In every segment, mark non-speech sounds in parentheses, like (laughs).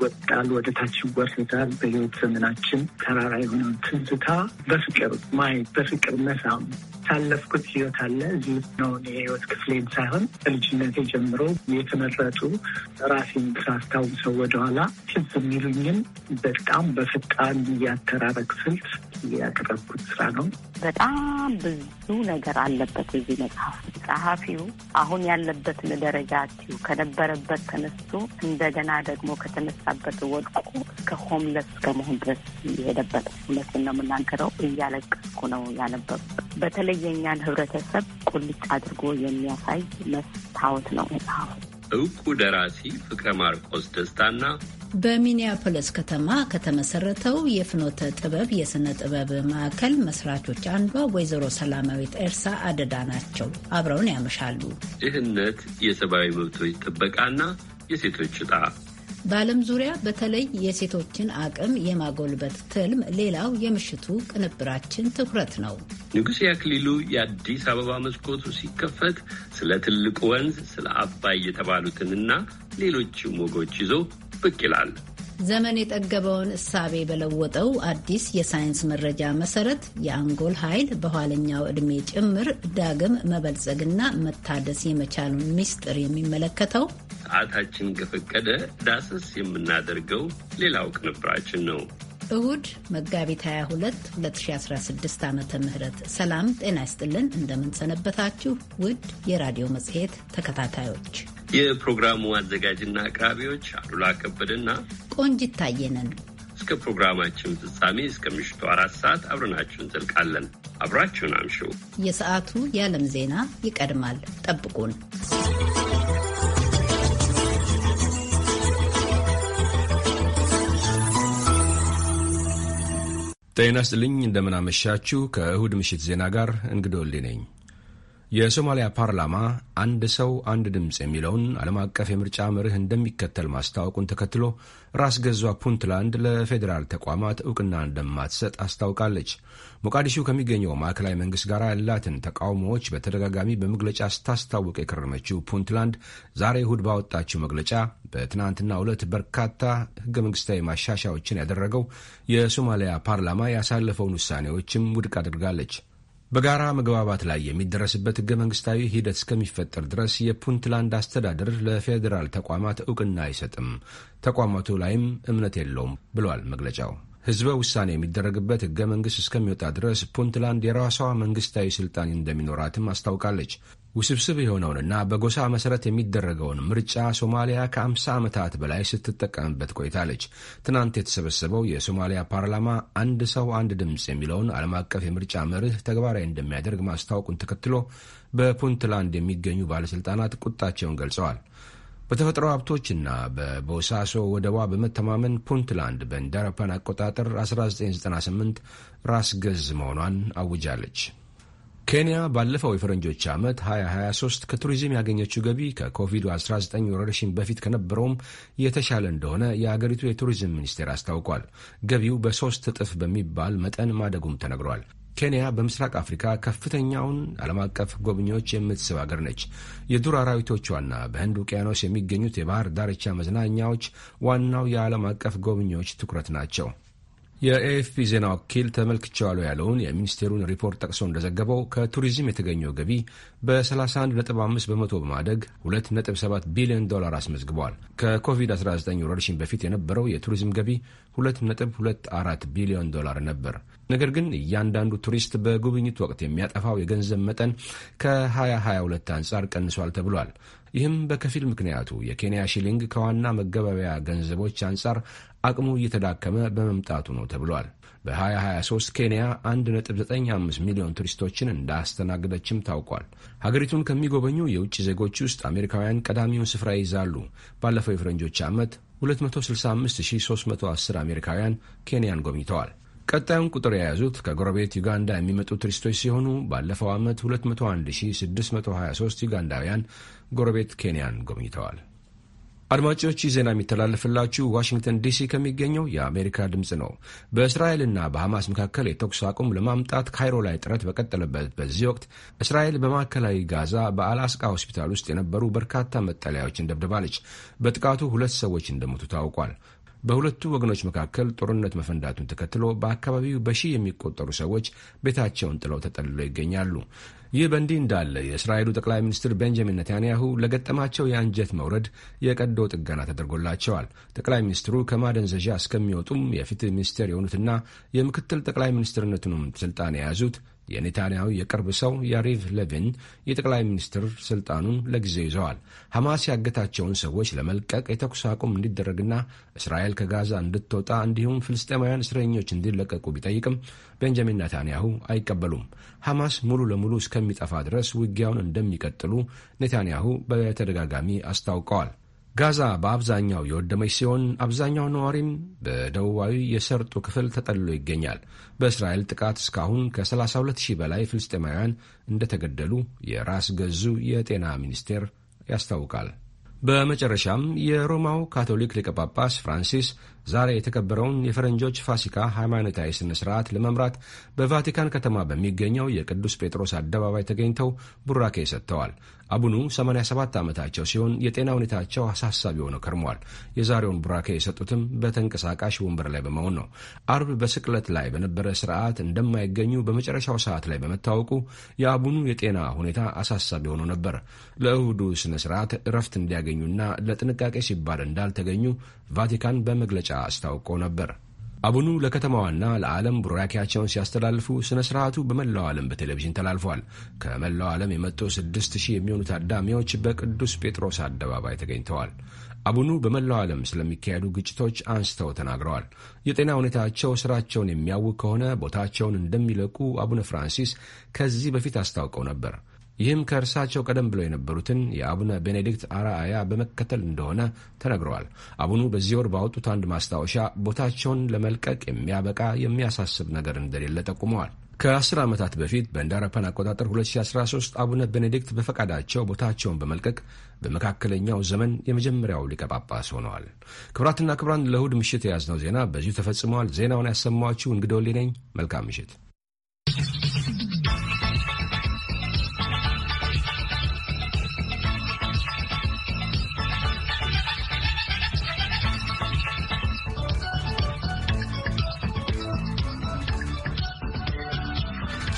ይወጣል፣ ወደ ታች ይወርዳል። በህይወት ዘመናችን ተራራ የሆነውን ትዝታ በፍቅር ማየት፣ በፍቅር መሳም ያሳለፍኩት ህይወት አለ። እዚህ ነው የህይወት ክፍሌን ሳይሆን ከልጅነቴ ጀምሮ የተመረጡ ራሴን ሳስታውሰው ወደኋላ ትዝ የሚሉኝን በጣም በፍጣን ያተራረቅ ስልት ያቀረብኩት ስራ ነው። በጣም ብዙ ነገር አለበት እዚህ መጽሐፍ። ጸሐፊው አሁን ያለበትን ደረጃ ትዩ። ከነበረበት ተነስቶ እንደገና ደግሞ ከተነሳበት ወድቆ እስከ ሆምለስ ከመሆን ድረስ የሄደበት እውነት ነው የምናገረው። እያለቀስኩ ነው ያነበብኩት በተለይ የእኛን ህብረተሰብ ቁልጭ አድርጎ የሚያሳይ መስታወት ነው መጽሐፉ። እውቁ ደራሲ ፍቅረ ማርቆስ ደስታና በሚኒያፖሊስ ከተማ ከተመሰረተው የፍኖተ ጥበብ የሥነ ጥበብ ማዕከል መስራቾች አንዷ ወይዘሮ ሰላማዊት ኤርሳ አደዳ ናቸው። አብረውን ያመሻሉ። ድህነት፣ የሰብአዊ መብቶች ጥበቃና የሴቶች ዕጣ በዓለም ዙሪያ በተለይ የሴቶችን አቅም የማጎልበት ትልም ሌላው የምሽቱ ቅንብራችን ትኩረት ነው። ንጉሴ አክሊሉ የአዲስ አበባ መስኮቱ ሲከፈት ስለ ትልቁ ወንዝ፣ ስለ አባይ የተባሉትንና ሌሎችም ወጎች ይዞ ብቅ ይላል። ዘመን የጠገበውን እሳቤ በለወጠው አዲስ የሳይንስ መረጃ መሰረት የአንጎል ኃይል በኋለኛው ዕድሜ ጭምር ዳግም መበልጸግና መታደስ የመቻሉን ሚስጥር የሚመለከተው ሰዓታችን ከፈቀደ ዳሰስ የምናደርገው ሌላው ቅንብራችን ነው። እሁድ መጋቢት 22 2016 ዓ ም ሰላም ጤና ይስጥልን። እንደምንሰነበታችሁ ውድ የራዲዮ መጽሔት ተከታታዮች የፕሮግራሙ አዘጋጅና አቅራቢዎች አሉላ ከበደና ቆንጅት ታየነን። እስከ ፕሮግራማችን ፍጻሜ እስከ ምሽቱ አራት ሰዓት አብረናችሁ እንዘልቃለን። አብራችሁን አምሹ። የሰዓቱ የዓለም ዜና ይቀድማል። ጠብቁን። ጤና ስጥልኝ። እንደምናመሻችሁ ከእሁድ ምሽት ዜና ጋር እንግዶልኝ ነኝ። የሶማሊያ ፓርላማ አንድ ሰው አንድ ድምፅ የሚለውን ዓለም አቀፍ የምርጫ መርህ እንደሚከተል ማስታወቁን ተከትሎ ራስ ገዟ ፑንትላንድ ለፌዴራል ተቋማት እውቅና እንደማትሰጥ አስታውቃለች። ሞቃዲሾ ከሚገኘው ማዕከላዊ መንግሥት ጋር ያላትን ተቃውሞዎች በተደጋጋሚ በመግለጫ ስታስታውቅ የከረመችው ፑንትላንድ ዛሬ እሁድ ባወጣችው መግለጫ በትናንትና ዕለት በርካታ ሕገ መንግሥታዊ ማሻሻያዎችን ያደረገው የሶማሊያ ፓርላማ ያሳለፈውን ውሳኔዎችም ውድቅ አድርጋለች። በጋራ መግባባት ላይ የሚደረስበት ህገ መንግስታዊ ሂደት እስከሚፈጠር ድረስ የፑንትላንድ አስተዳደር ለፌዴራል ተቋማት እውቅና አይሰጥም፣ ተቋማቱ ላይም እምነት የለውም ብሏል መግለጫው። ህዝበ ውሳኔ የሚደረግበት ህገ መንግስት እስከሚወጣ ድረስ ፑንትላንድ የራሷ መንግስታዊ ስልጣን እንደሚኖራትም አስታውቃለች። ውስብስብ የሆነውንና በጎሳ መሠረት የሚደረገውን ምርጫ ሶማሊያ ከ50 ዓመታት በላይ ስትጠቀምበት ቆይታለች። ትናንት የተሰበሰበው የሶማሊያ ፓርላማ አንድ ሰው አንድ ድምፅ የሚለውን ዓለም አቀፍ የምርጫ መርህ ተግባራዊ እንደሚያደርግ ማስታወቁን ተከትሎ በፑንትላንድ የሚገኙ ባለሥልጣናት ቁጣቸውን ገልጸዋል። በተፈጥሮ ሀብቶችና በቦሳሶ ወደቧ በመተማመን ፑንትላንድ በእንደ አውሮፓውያን አቆጣጠር 1998 ራስ ገዝ መሆኗን አውጃለች። ኬንያ ባለፈው የፈረንጆች ዓመት 2023 ከቱሪዝም ያገኘችው ገቢ ከኮቪድ-19 ወረርሽኝ በፊት ከነበረውም የተሻለ እንደሆነ የአገሪቱ የቱሪዝም ሚኒስቴር አስታውቋል። ገቢው በሶስት እጥፍ በሚባል መጠን ማደጉም ተነግሯል። ኬንያ በምስራቅ አፍሪካ ከፍተኛውን ዓለም አቀፍ ጎብኚዎች የምትስብ አገር ነች። የዱር አራዊቶቿና በህንድ ውቅያኖስ የሚገኙት የባህር ዳርቻ መዝናኛዎች ዋናው የዓለም አቀፍ ጎብኚዎች ትኩረት ናቸው። የኤኤፍፒ ዜና ወኪል ተመልክቻለሁ ያለውን የሚኒስቴሩን ሪፖርት ጠቅሶ እንደዘገበው ከቱሪዝም የተገኘው ገቢ በ31.5 በመቶ በማደግ 2.7 ቢሊዮን ዶላር አስመዝግቧል። ከኮቪድ-19 ወረርሽኝ በፊት የነበረው የቱሪዝም ገቢ 2.24 ቢሊዮን ዶላር ነበር። ነገር ግን እያንዳንዱ ቱሪስት በጉብኝት ወቅት የሚያጠፋው የገንዘብ መጠን ከ2022 አንጻር ቀንሷል ተብሏል። ይህም በከፊል ምክንያቱ የኬንያ ሺሊንግ ከዋና መገበያያ ገንዘቦች አንጻር አቅሙ እየተዳከመ በመምጣቱ ነው ተብሏል። በ2023 ኬንያ 1.95 ሚሊዮን ቱሪስቶችን እንዳስተናገደችም ታውቋል። ሀገሪቱን ከሚጎበኙ የውጭ ዜጎች ውስጥ አሜሪካውያን ቀዳሚውን ስፍራ ይይዛሉ። ባለፈው የፈረንጆች ዓመት 265310 አሜሪካውያን ኬንያን ጎብኝተዋል። ቀጣዩን ቁጥር የያዙት ከጎረቤት ዩጋንዳ የሚመጡ ቱሪስቶች ሲሆኑ ባለፈው ዓመት 201623 ዩጋንዳውያን ጎረቤት ኬንያን ጎብኝተዋል። አድማጮች ዜና የሚተላለፍላችሁ ዋሽንግተን ዲሲ ከሚገኘው የአሜሪካ ድምፅ ነው። በእስራኤልና በሐማስ መካከል የተኩስ አቁም ለማምጣት ካይሮ ላይ ጥረት በቀጠለበት በዚህ ወቅት እስራኤል በማዕከላዊ ጋዛ በአላስቃ ሆስፒታል ውስጥ የነበሩ በርካታ መጠለያዎችን ደብድባለች። በጥቃቱ ሁለት ሰዎች እንደሞቱ ታውቋል። በሁለቱ ወገኖች መካከል ጦርነት መፈንዳቱን ተከትሎ በአካባቢው በሺህ የሚቆጠሩ ሰዎች ቤታቸውን ጥለው ተጠልለው ይገኛሉ። ይህ በእንዲህ እንዳለ የእስራኤሉ ጠቅላይ ሚኒስትር ቤንጃሚን ነታንያሁ ለገጠማቸው የአንጀት መውረድ የቀዶ ጥገና ተደርጎላቸዋል። ጠቅላይ ሚኒስትሩ ከማደንዘዣ እስከሚወጡም የፍትህ ሚኒስቴር የሆኑትና የምክትል ጠቅላይ ሚኒስትርነቱንም ስልጣን የያዙት የኔታንያሁ የቅርብ ሰው ያሪቭ ለቪን የጠቅላይ ሚኒስትር ስልጣኑን ለጊዜው ይዘዋል። ሐማስ ያገታቸውን ሰዎች ለመልቀቅ የተኩስ አቁም እንዲደረግና እስራኤል ከጋዛ እንድትወጣ እንዲሁም ፍልስጤማውያን እስረኞች እንዲለቀቁ ቢጠይቅም ቤንጃሚን ኔታንያሁ አይቀበሉም። ሐማስ ሙሉ ለሙሉ እስከሚጠፋ ድረስ ውጊያውን እንደሚቀጥሉ ኔታንያሁ በተደጋጋሚ አስታውቀዋል። ጋዛ በአብዛኛው የወደመች ሲሆን አብዛኛው ነዋሪም በደቡባዊ የሰርጡ ክፍል ተጠልሎ ይገኛል። በእስራኤል ጥቃት እስካሁን ከ32,000 በላይ ፍልስጤማውያን እንደተገደሉ የራስ ገዙ የጤና ሚኒስቴር ያስታውቃል። በመጨረሻም የሮማው ካቶሊክ ሊቀ ጳጳስ ፍራንሲስ ዛሬ የተከበረውን የፈረንጆች ፋሲካ ሃይማኖታዊ ስነ ስርዓት ለመምራት በቫቲካን ከተማ በሚገኘው የቅዱስ ጴጥሮስ አደባባይ ተገኝተው ቡራኬ ሰጥተዋል። አቡኑ 87 ዓመታቸው ሲሆን የጤና ሁኔታቸው አሳሳቢ ሆነው ከርሟል። የዛሬውን ቡራኬ የሰጡትም በተንቀሳቃሽ ወንበር ላይ በመሆን ነው። አርብ በስቅለት ላይ በነበረ ስርዓት እንደማይገኙ በመጨረሻው ሰዓት ላይ በመታወቁ የአቡኑ የጤና ሁኔታ አሳሳቢ ሆኖ ነበር። ለእሁዱ ስነ ስርዓት እረፍት እንዲያገኙና ለጥንቃቄ ሲባል እንዳልተገኙ ቫቲካን በመግለጫ አስታውቆ ነበር። አቡኑ ለከተማዋና ለዓለም ቡራኪያቸውን ሲያስተላልፉ ሥነ ሥርዓቱ በመላው ዓለም በቴሌቪዥን ተላልፏል። ከመላው ዓለም የመጡ ስድስት ሺህ የሚሆኑ ታዳሚዎች በቅዱስ ጴጥሮስ አደባባይ ተገኝተዋል። አቡኑ በመላው ዓለም ስለሚካሄዱ ግጭቶች አንስተው ተናግረዋል። የጤና ሁኔታቸው ሥራቸውን የሚያውቅ ከሆነ ቦታቸውን እንደሚለቁ አቡነ ፍራንሲስ ከዚህ በፊት አስታውቀው ነበር። ይህም ከእርሳቸው ቀደም ብለው የነበሩትን የአቡነ ቤኔዲክት አራአያ በመከተል እንደሆነ ተነግረዋል። አቡኑ በዚህ ወር ባወጡት አንድ ማስታወሻ ቦታቸውን ለመልቀቅ የሚያበቃ የሚያሳስብ ነገር እንደሌለ ጠቁመዋል። ዓመታት በፊት በእንደ አቆጣጠር 2013 አቡነ ቤኔዲክት በፈቃዳቸው ቦታቸውን በመልቀቅ በመካከለኛው ዘመን የመጀመሪያው ሊቀ ጳጳስ ሆነዋል። ክብራትና ክብራን ለእሁድ ምሽት የያዝነው ዜና በዚሁ ተፈጽመዋል። ዜናውን ያሰማኋችሁ እንግዶልኝ ነኝ። መልካም ምሽት።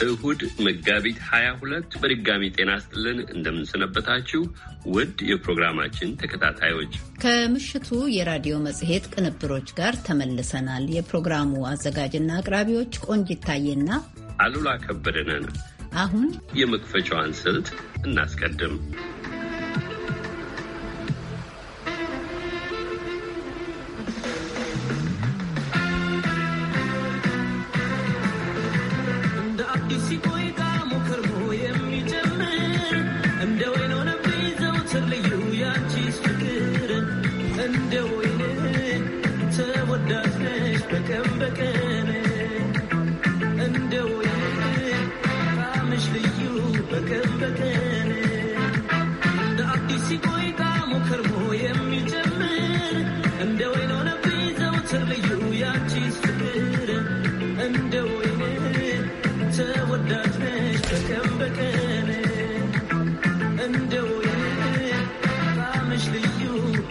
እሁድ መጋቢት 22 በድጋሚ ጤና ስጥልን። እንደምንሰነበታችሁ ውድ የፕሮግራማችን ተከታታዮች ከምሽቱ የራዲዮ መጽሔት ቅንብሮች ጋር ተመልሰናል። የፕሮግራሙ አዘጋጅና አቅራቢዎች ቆንጅ ይታየና አሉላ ከበደ ነን። አሁን የመክፈቻዋን ስልት እናስቀድም።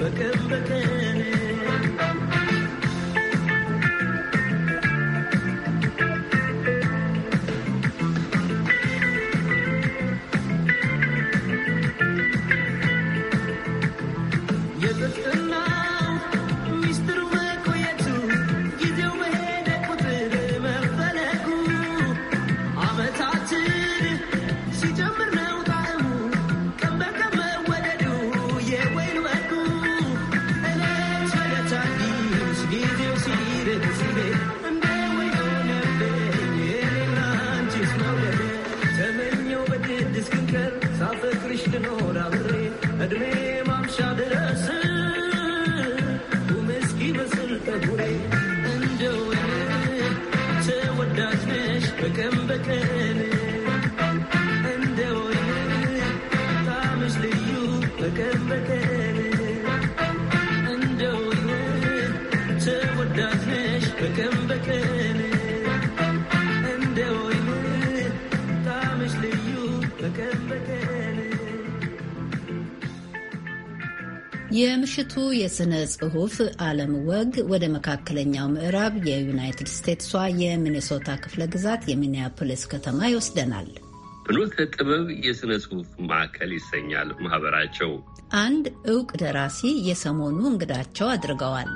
look at the day. በምሽቱ የሥነ ጽሑፍ ዓለም ወግ ወደ መካከለኛው ምዕራብ የዩናይትድ ስቴትሷ የሚኔሶታ ክፍለ ግዛት የሚኒያፖሊስ ከተማ ይወስደናል። ፍኖተ ጥበብ የሥነ ጽሑፍ ማዕከል ይሰኛል ማኅበራቸው። አንድ ዕውቅ ደራሲ የሰሞኑ እንግዳቸው አድርገዋል።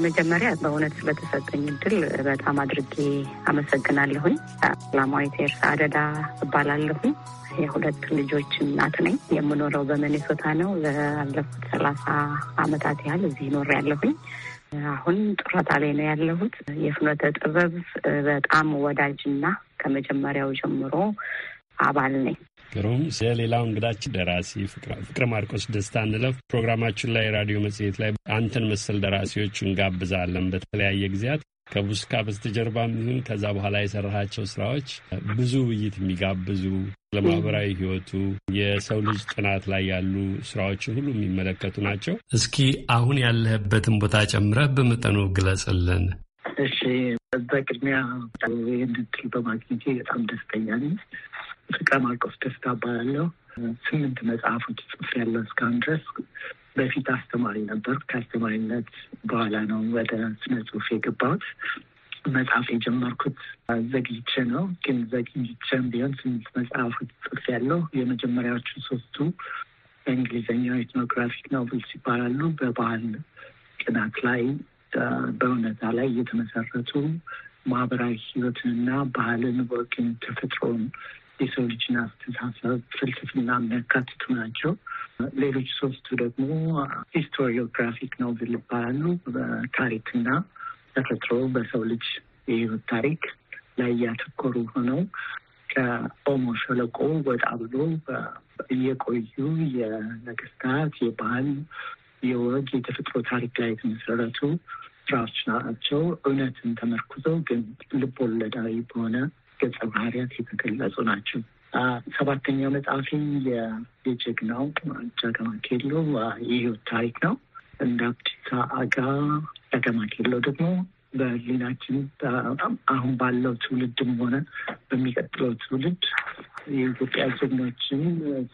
በመጀመሪያ በእውነት ስለተሰጠኝ እድል በጣም አድርጌ አመሰግናለሁኝ። ሰላማዊት ኤርሳ አደዳ እባላለሁኝ። የሁለት ልጆች እናት ነኝ። የምኖረው በመኔሶታ ነው። ላለፉት ሰላሳ አመታት ያህል እዚህ ኖር ያለሁኝ። አሁን ጡረታ ላይ ነው ያለሁት። የፍኖተ ጥበብ በጣም ወዳጅና ከመጀመሪያው ጀምሮ አባል ነኝ። ግሩም። ስለሌላው እንግዳችን ደራሲ ፍቅረ ማርቆስ ደስታ እንለፍ። ፕሮግራማችን ላይ ራዲዮ መጽሔት ላይ አንተን መሰል ደራሲዎች እንጋብዛለን። በተለያየ ጊዜያት ከቡስካ በስተጀርባ ይሁን ከዛ በኋላ የሰራሃቸው ስራዎች ብዙ ውይይት የሚጋብዙ ለማህበራዊ ህይወቱ የሰው ልጅ ጥናት ላይ ያሉ ስራዎችን ሁሉ የሚመለከቱ ናቸው። እስኪ አሁን ያለህበትን ቦታ ጨምረህ በመጠኑ ግለጽልን። እሺ፣ በቅድሚያ እንድትል በማግኘቴ በጣም ደስተኛ ነኝ። ፍቅረ ማርቆስ ደስታ እባላለሁ። ስምንት መጽሐፎች ጽፌያለሁ እስካሁን ድረስ። በፊት አስተማሪ ነበር። ከአስተማሪነት በኋላ ነው ወደ ስነ ጽሁፍ የገባሁት። መጽሐፍ የጀመርኩት ዘግይቼ ነው፣ ግን ዘግይቼም ቢሆን ስምንት መጽሐፎች ጽፌያለሁ። የመጀመሪያዎቹ ሶስቱ በእንግሊዝኛ ኢትኖግራፊክ ኖቭልስ ይባላሉ። በባህል ቅናት ላይ በእውነታ ላይ እየተመሰረቱ ማህበራዊ ህይወትንና ባህልን፣ ወግን፣ ተፈጥሮን የሰው ልጅን አስተሳሰብ ፍልስፍና የሚያካትቱ ናቸው። ሌሎች ሶስቱ ደግሞ ሂስቶሪዮግራፊክ ኖቭል ይባላሉ። በታሪክና ተፈጥሮ በሰው ልጅ የህይወት ታሪክ ላይ እያተኮሩ ሆነው ከኦሞ ሸለቆ ወጣ ብሎ እየቆዩ የነገስታት የባህል፣ የወግ፣ የተፈጥሮ ታሪክ ላይ የተመሰረቱ ስራዎች ናቸው። እውነትን ተመርኩዘው ግን ልቦለዳዊ በሆነ ገጸ ባህሪያት የተገለጹ ናቸው። ሰባተኛው መጽሐፊ የጀግናው ጃገማ ኬሎ የህይወት ታሪክ ነው። እንደ አብዲሳ አጋ ጃገማ ኬሎ ደግሞ በህሊናችን አሁን ባለው ትውልድም ሆነ በሚቀጥለው ትውልድ የኢትዮጵያ ጀግኖችን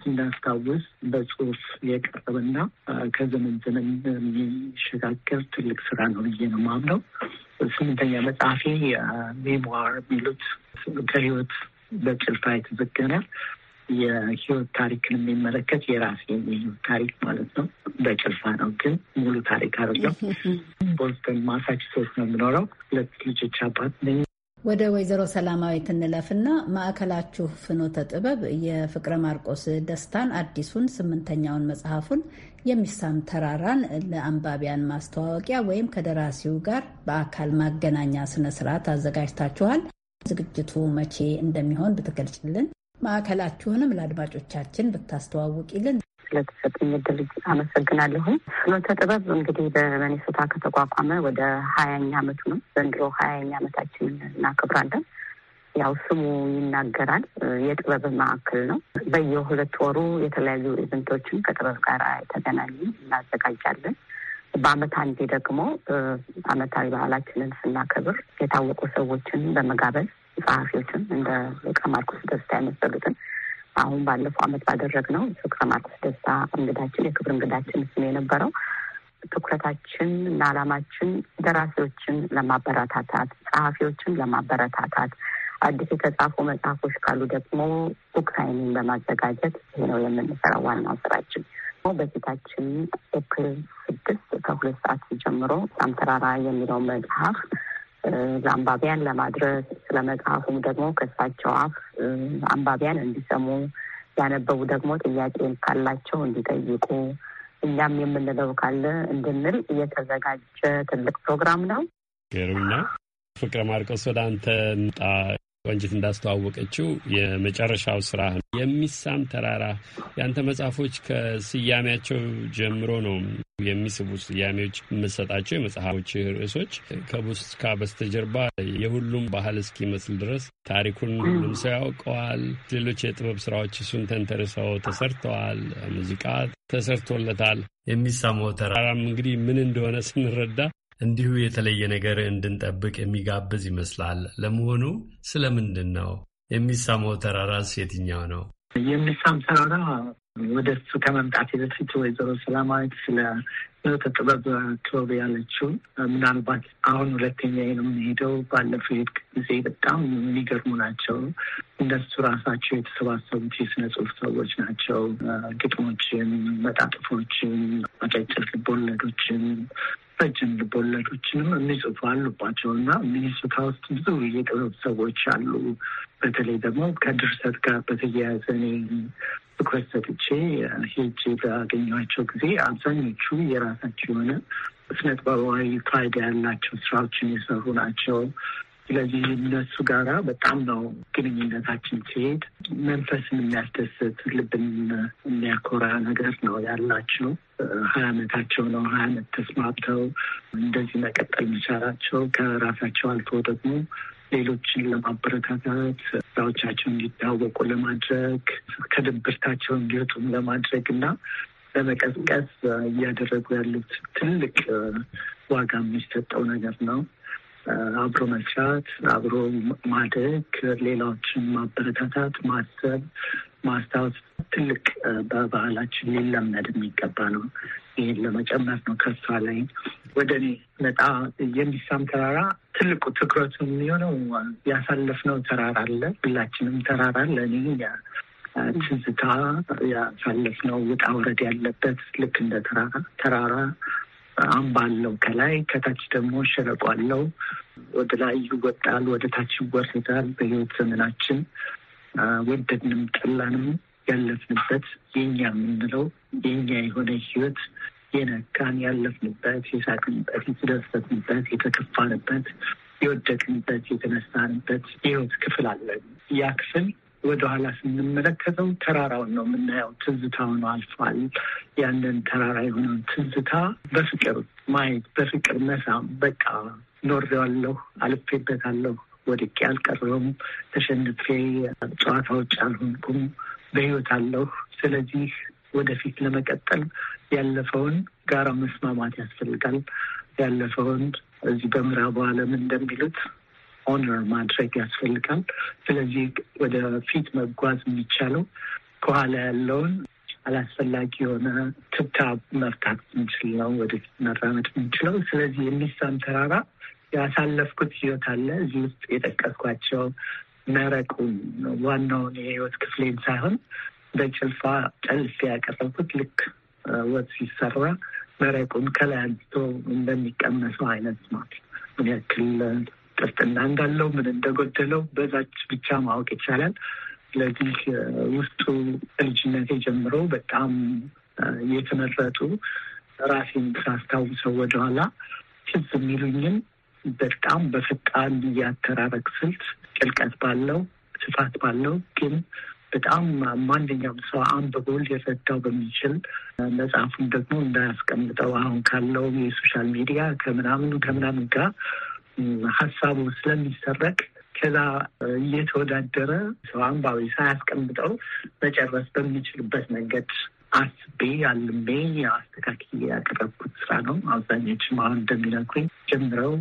ስናስታውስ በጽሁፍ የቀረበና ከዘመን ዘመን የሚሸጋገር ትልቅ ስራ ነው ብዬ ነው የማምነው። ስምንተኛ መጽሐፌ የሜሞር የሚሉት ከህይወት በጭልፋ የተዘገነ የህይወት ታሪክን የሚመለከት የራሴ የህይወት ታሪክ ማለት ነው። በጭልፋ ነው ግን ሙሉ ታሪክ አይደለም። (laughs) ቦስተን ማሳቹሴትስ ነው የምኖረው። ሁለት ልጆች አባት ነኝ። ወደ ወይዘሮ ሰላማዊት እንለፍና ማዕከላችሁ ፍኖተ ጥበብ የፍቅረ ማርቆስ ደስታን አዲሱን ስምንተኛውን መጽሐፉን የሚሳም ተራራን ለአንባቢያን ማስተዋወቂያ ወይም ከደራሲው ጋር በአካል ማገናኛ ስነ ስርዓት አዘጋጅታችኋል። ዝግጅቱ መቼ እንደሚሆን ብትገልጭልን፣ ማዕከላችሁንም ለአድማጮቻችን ብታስተዋውቂልን ስለተሰጠኝ እድል አመሰግናለሁ። ፍኖተ ጥበብ እንግዲህ በሚኒሶታ ከተቋቋመ ወደ ሀያኛ አመቱ ነው። ዘንድሮ ሀያኛ አመታችንን እናከብራለን። ያው ስሙ ይናገራል። የጥበብ ማዕከል ነው። በየሁለት ወሩ የተለያዩ ኢቨንቶችን ከጥበብ ጋር የተገናኙ እናዘጋጃለን። በአመት አንዴ ደግሞ አመታዊ ባህላችንን ስናከብር የታወቁ ሰዎችን በመጋበዝ ጸሐፊዎችን እንደ ቃ ደስታ የመሰሉትን አሁን ባለፈው አመት ባደረግነው ሱክሰ ማርቆስ ደስታ እንግዳችን የክብር እንግዳችን ስም የነበረው። ትኩረታችን እና አላማችን ደራሲዎችን ለማበረታታት፣ ጸሐፊዎችን ለማበረታታት አዲስ የተጻፉ መጽሐፎች ካሉ ደግሞ ቡክሳይኒን በማዘጋጀት ይሄ ነው የምንሰራው ዋናው ስራችን። በፊታችን ኤፕሪል ስድስት ከሁለት ሰዓት ጀምሮ ተራራ የሚለው መጽሐፍ ለአንባቢያን ለማድረስ ስለ መጽሐፉም ደግሞ ከሳቸው አፍ አንባቢያን እንዲሰሙ ያነበቡ ደግሞ ጥያቄ ካላቸው እንዲጠይቁ እኛም የምንለው ካለ እንድንል የተዘጋጀ ትልቅ ፕሮግራም ነው። ነው። ፍቅረ ማርቆስ ወደ አንተ እንጣ ቆንጅት እንዳስተዋወቀችው የመጨረሻው ስራ የሚሳም ተራራ ያንተ መጽሐፎች ከስያሜያቸው ጀምሮ ነው የሚስቡ ስያሜዎች የምሰጣቸው የመጽሐፎች ርዕሶች ከቡስካ በስተጀርባ የሁሉም ባህል እስኪመስል ድረስ ታሪኩን ሁሉም ሰው ያውቀዋል። ሌሎች የጥበብ ስራዎች እሱን ተንተርሰው ተሰርተዋል። ሙዚቃ ተሰርቶለታል። የሚሳመው ተራራም እንግዲህ ምን እንደሆነ ስንረዳ እንዲሁ የተለየ ነገር እንድንጠብቅ የሚጋብዝ ይመስላል። ለመሆኑ ስለምንድን ነው የሚሳማው ተራራስ የትኛው ነው የሚሳም ተራራ? ወደ እሱ ከመምጣት በፊት ወይዘሮ ሰላማዊት ስለ ሕይወተ ጥበብ ክበብ ያለችው ምናልባት አሁን ሁለተኛ ነው የምንሄደው። ባለፈው ሄድ ጊዜ በጣም የሚገርሙ ናቸው። እነሱ ራሳቸው የተሰባሰቡት የስነ ጽሁፍ ሰዎች ናቸው። ግጥሞችን፣ መጣጥፎችን፣ አጫጭር ልቦለዶችን ረጅም ልቦለዶችንም የሚጽፉ አሉባቸው እና ሚኒሶታ ውስጥ ብዙ የጥበብ ሰዎች አሉ። በተለይ ደግሞ ከድርሰት ጋር በተያያዘ እኔ ትኩረት ሰጥቼ ሄጄ ባገኘኋቸው ጊዜ አብዛኞቹ የራሳቸው የሆነ ስነ ጥበባዊ ፋይዳ ያላቸው ስራዎችን የሰሩ ናቸው። ስለዚህ እነሱ ጋራ በጣም ነው ግንኙነታችን ሲሄድ መንፈስን የሚያስደስት ልብን የሚያኮራ ነገር ነው ያላቸው። ሀያ አመታቸው ነው። ሀያ አመት ተስማምተው እንደዚህ መቀጠል መቻላቸው ከራሳቸው አልፎ ደግሞ ሌሎችን ለማበረታታት ስራዎቻቸው እንዲታወቁ ለማድረግ ከድብርታቸው እንዲወጡም ለማድረግ እና ለመቀስቀስ እያደረጉ ያሉት ትልቅ ዋጋ የሚሰጠው ነገር ነው። አብሮ መስራት፣ አብሮ ማደግ፣ ሌላዎችን ማበረታታት፣ ማሰብ፣ ማስታወስ ትልቅ በባህላችን ሊለመድ የሚገባ ነው። ይህን ለመጨመር ነው። ከሷ ላይ ወደ እኔ መጣ የሚሳም ተራራ ትልቁ ትኩረቱ የሚሆነው ያሳለፍነው ተራራ አለ። ሁላችንም ተራራ አለ። እኔ ትዝታ ያሳለፍነው ውጣ ውረድ ያለበት ልክ እንደ ተራራ ተራራ አምባን ነው ከላይ ከታች ደግሞ ሸለቋን ነው። ወደ ላይ ይወጣል፣ ወደ ታች ይወርዳል። በህይወት ዘመናችን ወደድንም ጠላንም ያለፍንበት የኛ የምንለው የኛ የሆነ ህይወት የነካን ያለፍንበት፣ የሳቅንበት፣ የተደሰትንበት፣ የተከፋንበት፣ የወደቅንበት፣ የተነሳንበት የህይወት ክፍል አለን ያ ክፍል ወደኋላ ስንመለከተው ተራራውን ነው የምናየው። ትዝታውን አልፏል። ያንን ተራራ የሆነውን ትዝታ በፍቅር ማየት፣ በፍቅር መሳም፣ በቃ ኖሬዋለሁ፣ አልፌበታለሁ፣ ወድቄ አልቀረውም፣ ተሸንፌ ጨዋታ ውጭ አልሆንኩም፣ በህይወት አለሁ። ስለዚህ ወደፊት ለመቀጠል ያለፈውን ጋራ መስማማት ያስፈልጋል። ያለፈውን እዚህ በምዕራቡ ዓለም እንደሚሉት ኦነር ማድረግ ያስፈልጋል። ስለዚህ ወደፊት መጓዝ የሚቻለው ከኋላ ያለውን አላስፈላጊ የሆነ ትብታብ መፍታት የምንችል ነው ወደፊት መራመድ የምንችለው። ስለዚህ የሚሳም ተራራ ያሳለፍኩት ህይወት አለ እዚህ ውስጥ የጠቀስኳቸው መረቁን ዋናውን የህይወት ክፍሌን ሳይሆን በጭልፋ ጠልፍ ያቀረብኩት ልክ ወጥ ሲሰራ መረቁን ከላይ አንስቶ እንደሚቀመሰው አይነት ማለት ምን ያክል ቅስጥና እንዳለው ምን እንደጎደለው በዛች ብቻ ማወቅ ይቻላል። ስለዚህ ውስጡ ልጅነቴ ጀምሮ በጣም የተመረጡ ራሴን ሳስታውሰው ወደኋላ ትዝ የሚሉኝን በጣም በፈጣን የአተራረቅ ስልት ጥልቀት ባለው ስፋት ባለው ግን በጣም ማንኛውም ሰው አንብቦ ሊረዳው በሚችል መጽሐፉን ደግሞ እንዳያስቀምጠው አሁን ካለው የሶሻል ሚዲያ ከምናምኑ ከምናምን ጋር ሀሳቡ ስለሚሰረቅ ከዛ እየተወዳደረ ሰው አንባቢ ሳያስቀምጠው መጨረስ በሚችልበት መንገድ አስቤ አልሜ አስተካክዬ ያቀረብኩት ስራ ነው። አብዛኞች አሁን እንደሚለኩኝ ጀምረው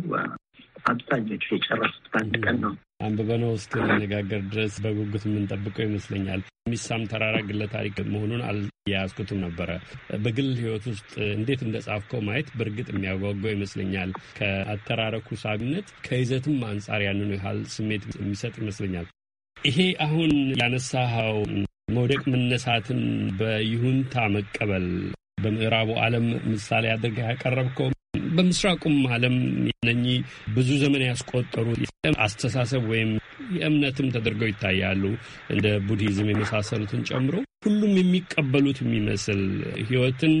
አብዛኞቹ የጨረሱት በአንድ ቀን ነው። አንብበነው ውስጥ ለነጋገር ድረስ በጉጉት የምንጠብቀው ይመስለኛል። የሚሳም ተራራ ግለ ታሪክ መሆኑን አልያያዝኩትም ነበረ። በግል ሕይወት ውስጥ እንዴት እንደጻፍከው ማየት በእርግጥ የሚያጓጓው ይመስለኛል። ከአተራረኩ ሳቢነት ከይዘትም አንጻር ያንኑ ያህል ስሜት የሚሰጥ ይመስለኛል። ይሄ አሁን ያነሳኸው መውደቅ መነሳትን በይሁንታ መቀበል በምዕራቡ ዓለም ምሳሌ አድርገህ ያቀረብከው በምስራቁም ዓለም እነኚህ ብዙ ዘመን ያስቆጠሩ አስተሳሰብ ወይም የእምነትም ተደርገው ይታያሉ። እንደ ቡድሂዝም የመሳሰሉትን ጨምሮ ሁሉም የሚቀበሉት የሚመስል ህይወትን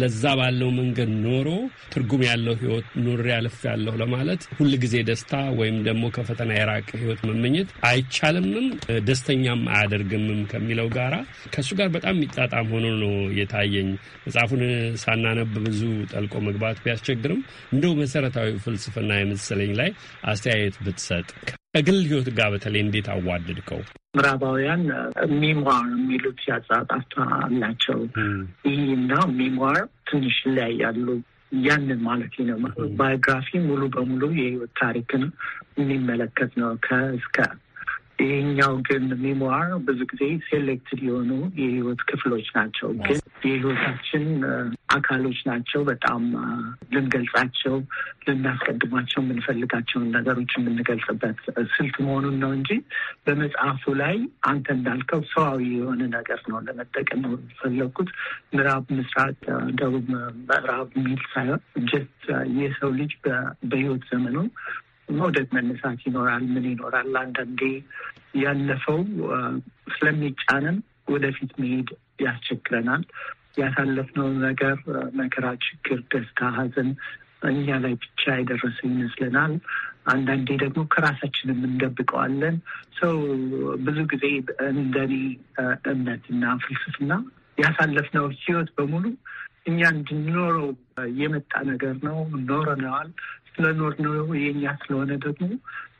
ለዛ ባለው መንገድ ኖሮ ትርጉም ያለው ህይወት ኖሬ አልፍ ያለሁ ለማለት ሁል ጊዜ ደስታ ወይም ደግሞ ከፈተና የራቀ ህይወት መመኘት አይቻልምም፣ ደስተኛም አያደርግምም ከሚለው ጋራ ከእሱ ጋር በጣም የሚጣጣም ሆኖ ነው የታየኝ። መጽሐፉን ሳናነብ ብዙ ጠልቆ መግባት ቢያስቸ ችግርም እንደው መሰረታዊ ፍልስፍና የመሰለኝ ላይ አስተያየት ብትሰጥ ከግል ህይወት ጋር በተለይ እንዴት አዋደድከው? ምዕራባውያን ሚሟር የሚሉት ያጻጣፍታ ናቸው። ይህና ሚሟር ትንሽ ላይ ያሉ ያንን ማለት ነው። ባዮግራፊ ሙሉ በሙሉ የህይወት ታሪክን የሚመለከት ነው ከእስከ ይህኛው ግን ሚሟር ብዙ ጊዜ ሴሌክትድ የሆኑ የህይወት ክፍሎች ናቸው። ግን የህይወታችን አካሎች ናቸው። በጣም ልንገልጻቸው ልናስቀድሟቸው የምንፈልጋቸውን ነገሮች የምንገልጽበት ስልት መሆኑን ነው እንጂ በመጽሐፉ ላይ አንተ እንዳልከው ሰዋዊ የሆነ ነገር ነው ለመጠቀም ነው የፈለግኩት። ምዕራብ፣ ምስራቅ፣ ደቡብ፣ ምዕራብ የሚል ሳይሆን ጀስት የሰው ልጅ በህይወት ዘመኑ መውደቅ፣ መነሳት ይኖራል። ምን ይኖራል? አንዳንዴ ያለፈው ስለሚጫነን ወደፊት መሄድ ያስቸግረናል። ያሳለፍነው ነገር መከራ፣ ችግር፣ ደስታ፣ ሀዘን እኛ ላይ ብቻ የደረሰ ይመስለናል። አንዳንዴ ደግሞ ከራሳችንም እንደብቀዋለን። ሰው ብዙ ጊዜ እንደኔ እምነትና ፍልስፍና ያሳለፍነው ሕይወት በሙሉ እኛ እንድንኖረው የመጣ ነገር ነው። ኖረነዋል። ስለኖርነው የኛ ስለሆነ ደግሞ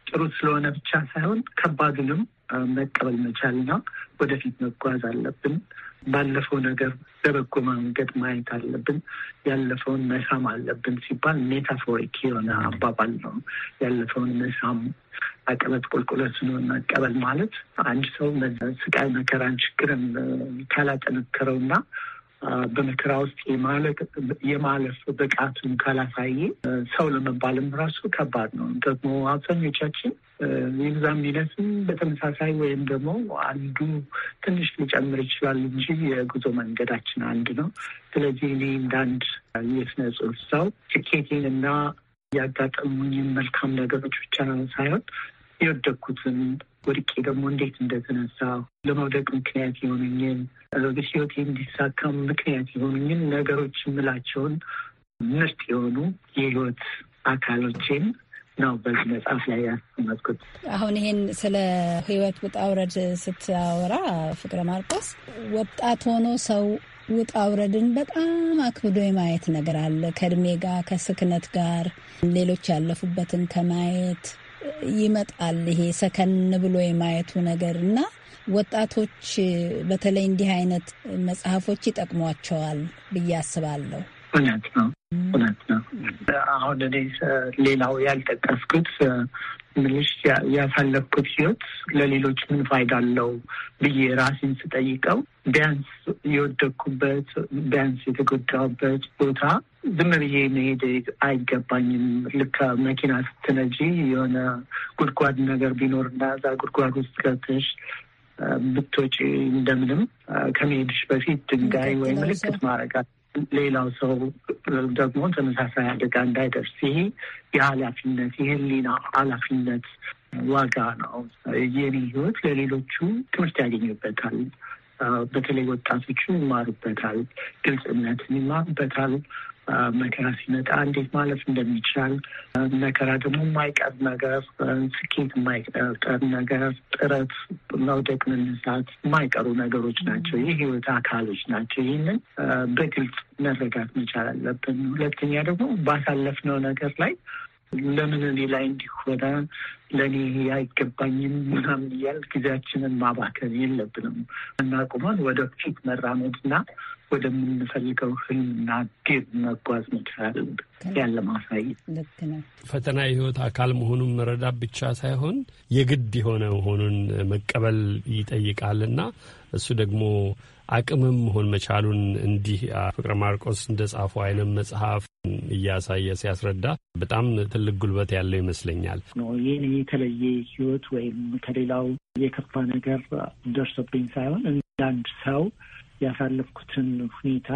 ጥሩ ስለሆነ ብቻ ሳይሆን ከባዱንም መቀበል መቻልና ወደፊት መጓዝ አለብን። ባለፈው ነገር በበጎ መንገድ ማየት አለብን፣ ያለፈውን መሳም አለብን ሲባል ሜታፎሪክ የሆነ አባባል ነው። ያለፈውን መሳም አቀበት ቁልቁለት ነው መቀበል ማለት አንድ ሰው ስቃይ መከራን ችግርን ካላጠነከረው እና በመከራ ውስጥ የማለፍ ብቃቱን ካላሳየ ሰው ለመባልም ራሱ ከባድ ነው። ደግሞ አብዛኞቻችን ይብዛም ሚነትም በተመሳሳይ ወይም ደግሞ አንዱ ትንሽ ሊጨምር ይችላል እንጂ የጉዞ መንገዳችን አንድ ነው። ስለዚህ እኔ እንደ አንድ የስነ ጽሁፍ ሰው ስኬቴን እና ያጋጠሙኝን መልካም ነገሮች ብቻ ሳይሆን የወደኩትን ወድቄ ደግሞ እንዴት እንደተነሳው ለመውደቅ ምክንያት የሆኑኝን ህይወቴ እንዲሳካም ምክንያት የሆኑኝን ነገሮች የምላቸውን ምርጥ የሆኑ የህይወት አካሎችን ነው በዚህ መጽሐፍ ላይ ያስቀመጥኩት። አሁን ይሄን ስለ ህይወት ውጣ ውረድ ስታወራ ፍቅረ ማርቆስ ወጣት ሆኖ ሰው ውጣ ውረድን በጣም አክብዶ የማየት ነገር አለ። ከእድሜ ጋር ከስክነት ጋር ሌሎች ያለፉበትን ከማየት ይመጣል ይሄ ሰከን ብሎ የማየቱ ነገር እና ወጣቶች በተለይ እንዲህ አይነት መጽሐፎች ይጠቅሟቸዋል ብዬ አስባለሁ። እውነት ነው፣ እውነት ነው። አሁን እኔ ሌላው ያልጠቀስኩት ምልሽ ያሳለፍኩት ህይወት ለሌሎች ምን ፋይዳ አለው ብዬ ራሴን ስጠይቀው ቢያንስ የወደኩበት ቢያንስ የተጎዳሁበት ቦታ ዝም ብዬ መሄድ አይገባኝም። ልክ መኪና ስትነጂ የሆነ ጉድጓድ ነገር ቢኖር እና እዛ ጉድጓድ ውስጥ ገብተሽ ብትወጪ እንደምንም ከመሄድሽ በፊት ድንጋይ ወይ ምልክት ማድረግ ሌላው ሰው ደግሞ ተመሳሳይ አደጋ እንዳይደርስ። ይሄ የኃላፊነት የህሊና ኃላፊነት ዋጋ ነው። የኔ ህይወት ለሌሎቹ ትምህርት ያገኙበታል። በተለይ ወጣቶቹ ይማሩበታል፣ ግልጽነትን ይማሩበታል። መከራ ሲመጣ እንዴት ማለፍ እንደሚቻል መከራ ደግሞ የማይቀር ነገር፣ ስኬት የማይቀር ነገር፣ ጥረት፣ መውደቅ፣ መነሳት የማይቀሩ ነገሮች ናቸው። የህይወት አካሎች ናቸው። ይህንን በግልጽ መረዳት መቻል አለብን። ሁለተኛ ደግሞ ባሳለፍነው ነገር ላይ ለምን እኔ ላይ እንዲሁ በጣም ለእኔ አይገባኝም ምናምን እያል ጊዜያችንን ማባከን የለብንም እና ቁመን ወደፊት መራመድና ወደምንፈልገው ህልምና ግብ መጓዝ መቻል ያለ ማሳየት ፈተና የህይወት አካል መሆኑን መረዳት ብቻ ሳይሆን የግድ የሆነ መሆኑን መቀበል ይጠይቃልና እሱ ደግሞ አቅምም መሆን መቻሉን እንዲህ ፍቅረ ማርቆስ እንደ ጻፉ አይነት መጽሐፍ እያሳየ ሲያስረዳ በጣም ትልቅ ጉልበት ያለው ይመስለኛል። ይህ የተለየ ህይወት ወይም ከሌላው የከፋ ነገር ደርሶብኝ ሳይሆን እንዳንድ ሰው ያሳለፍኩትን ሁኔታ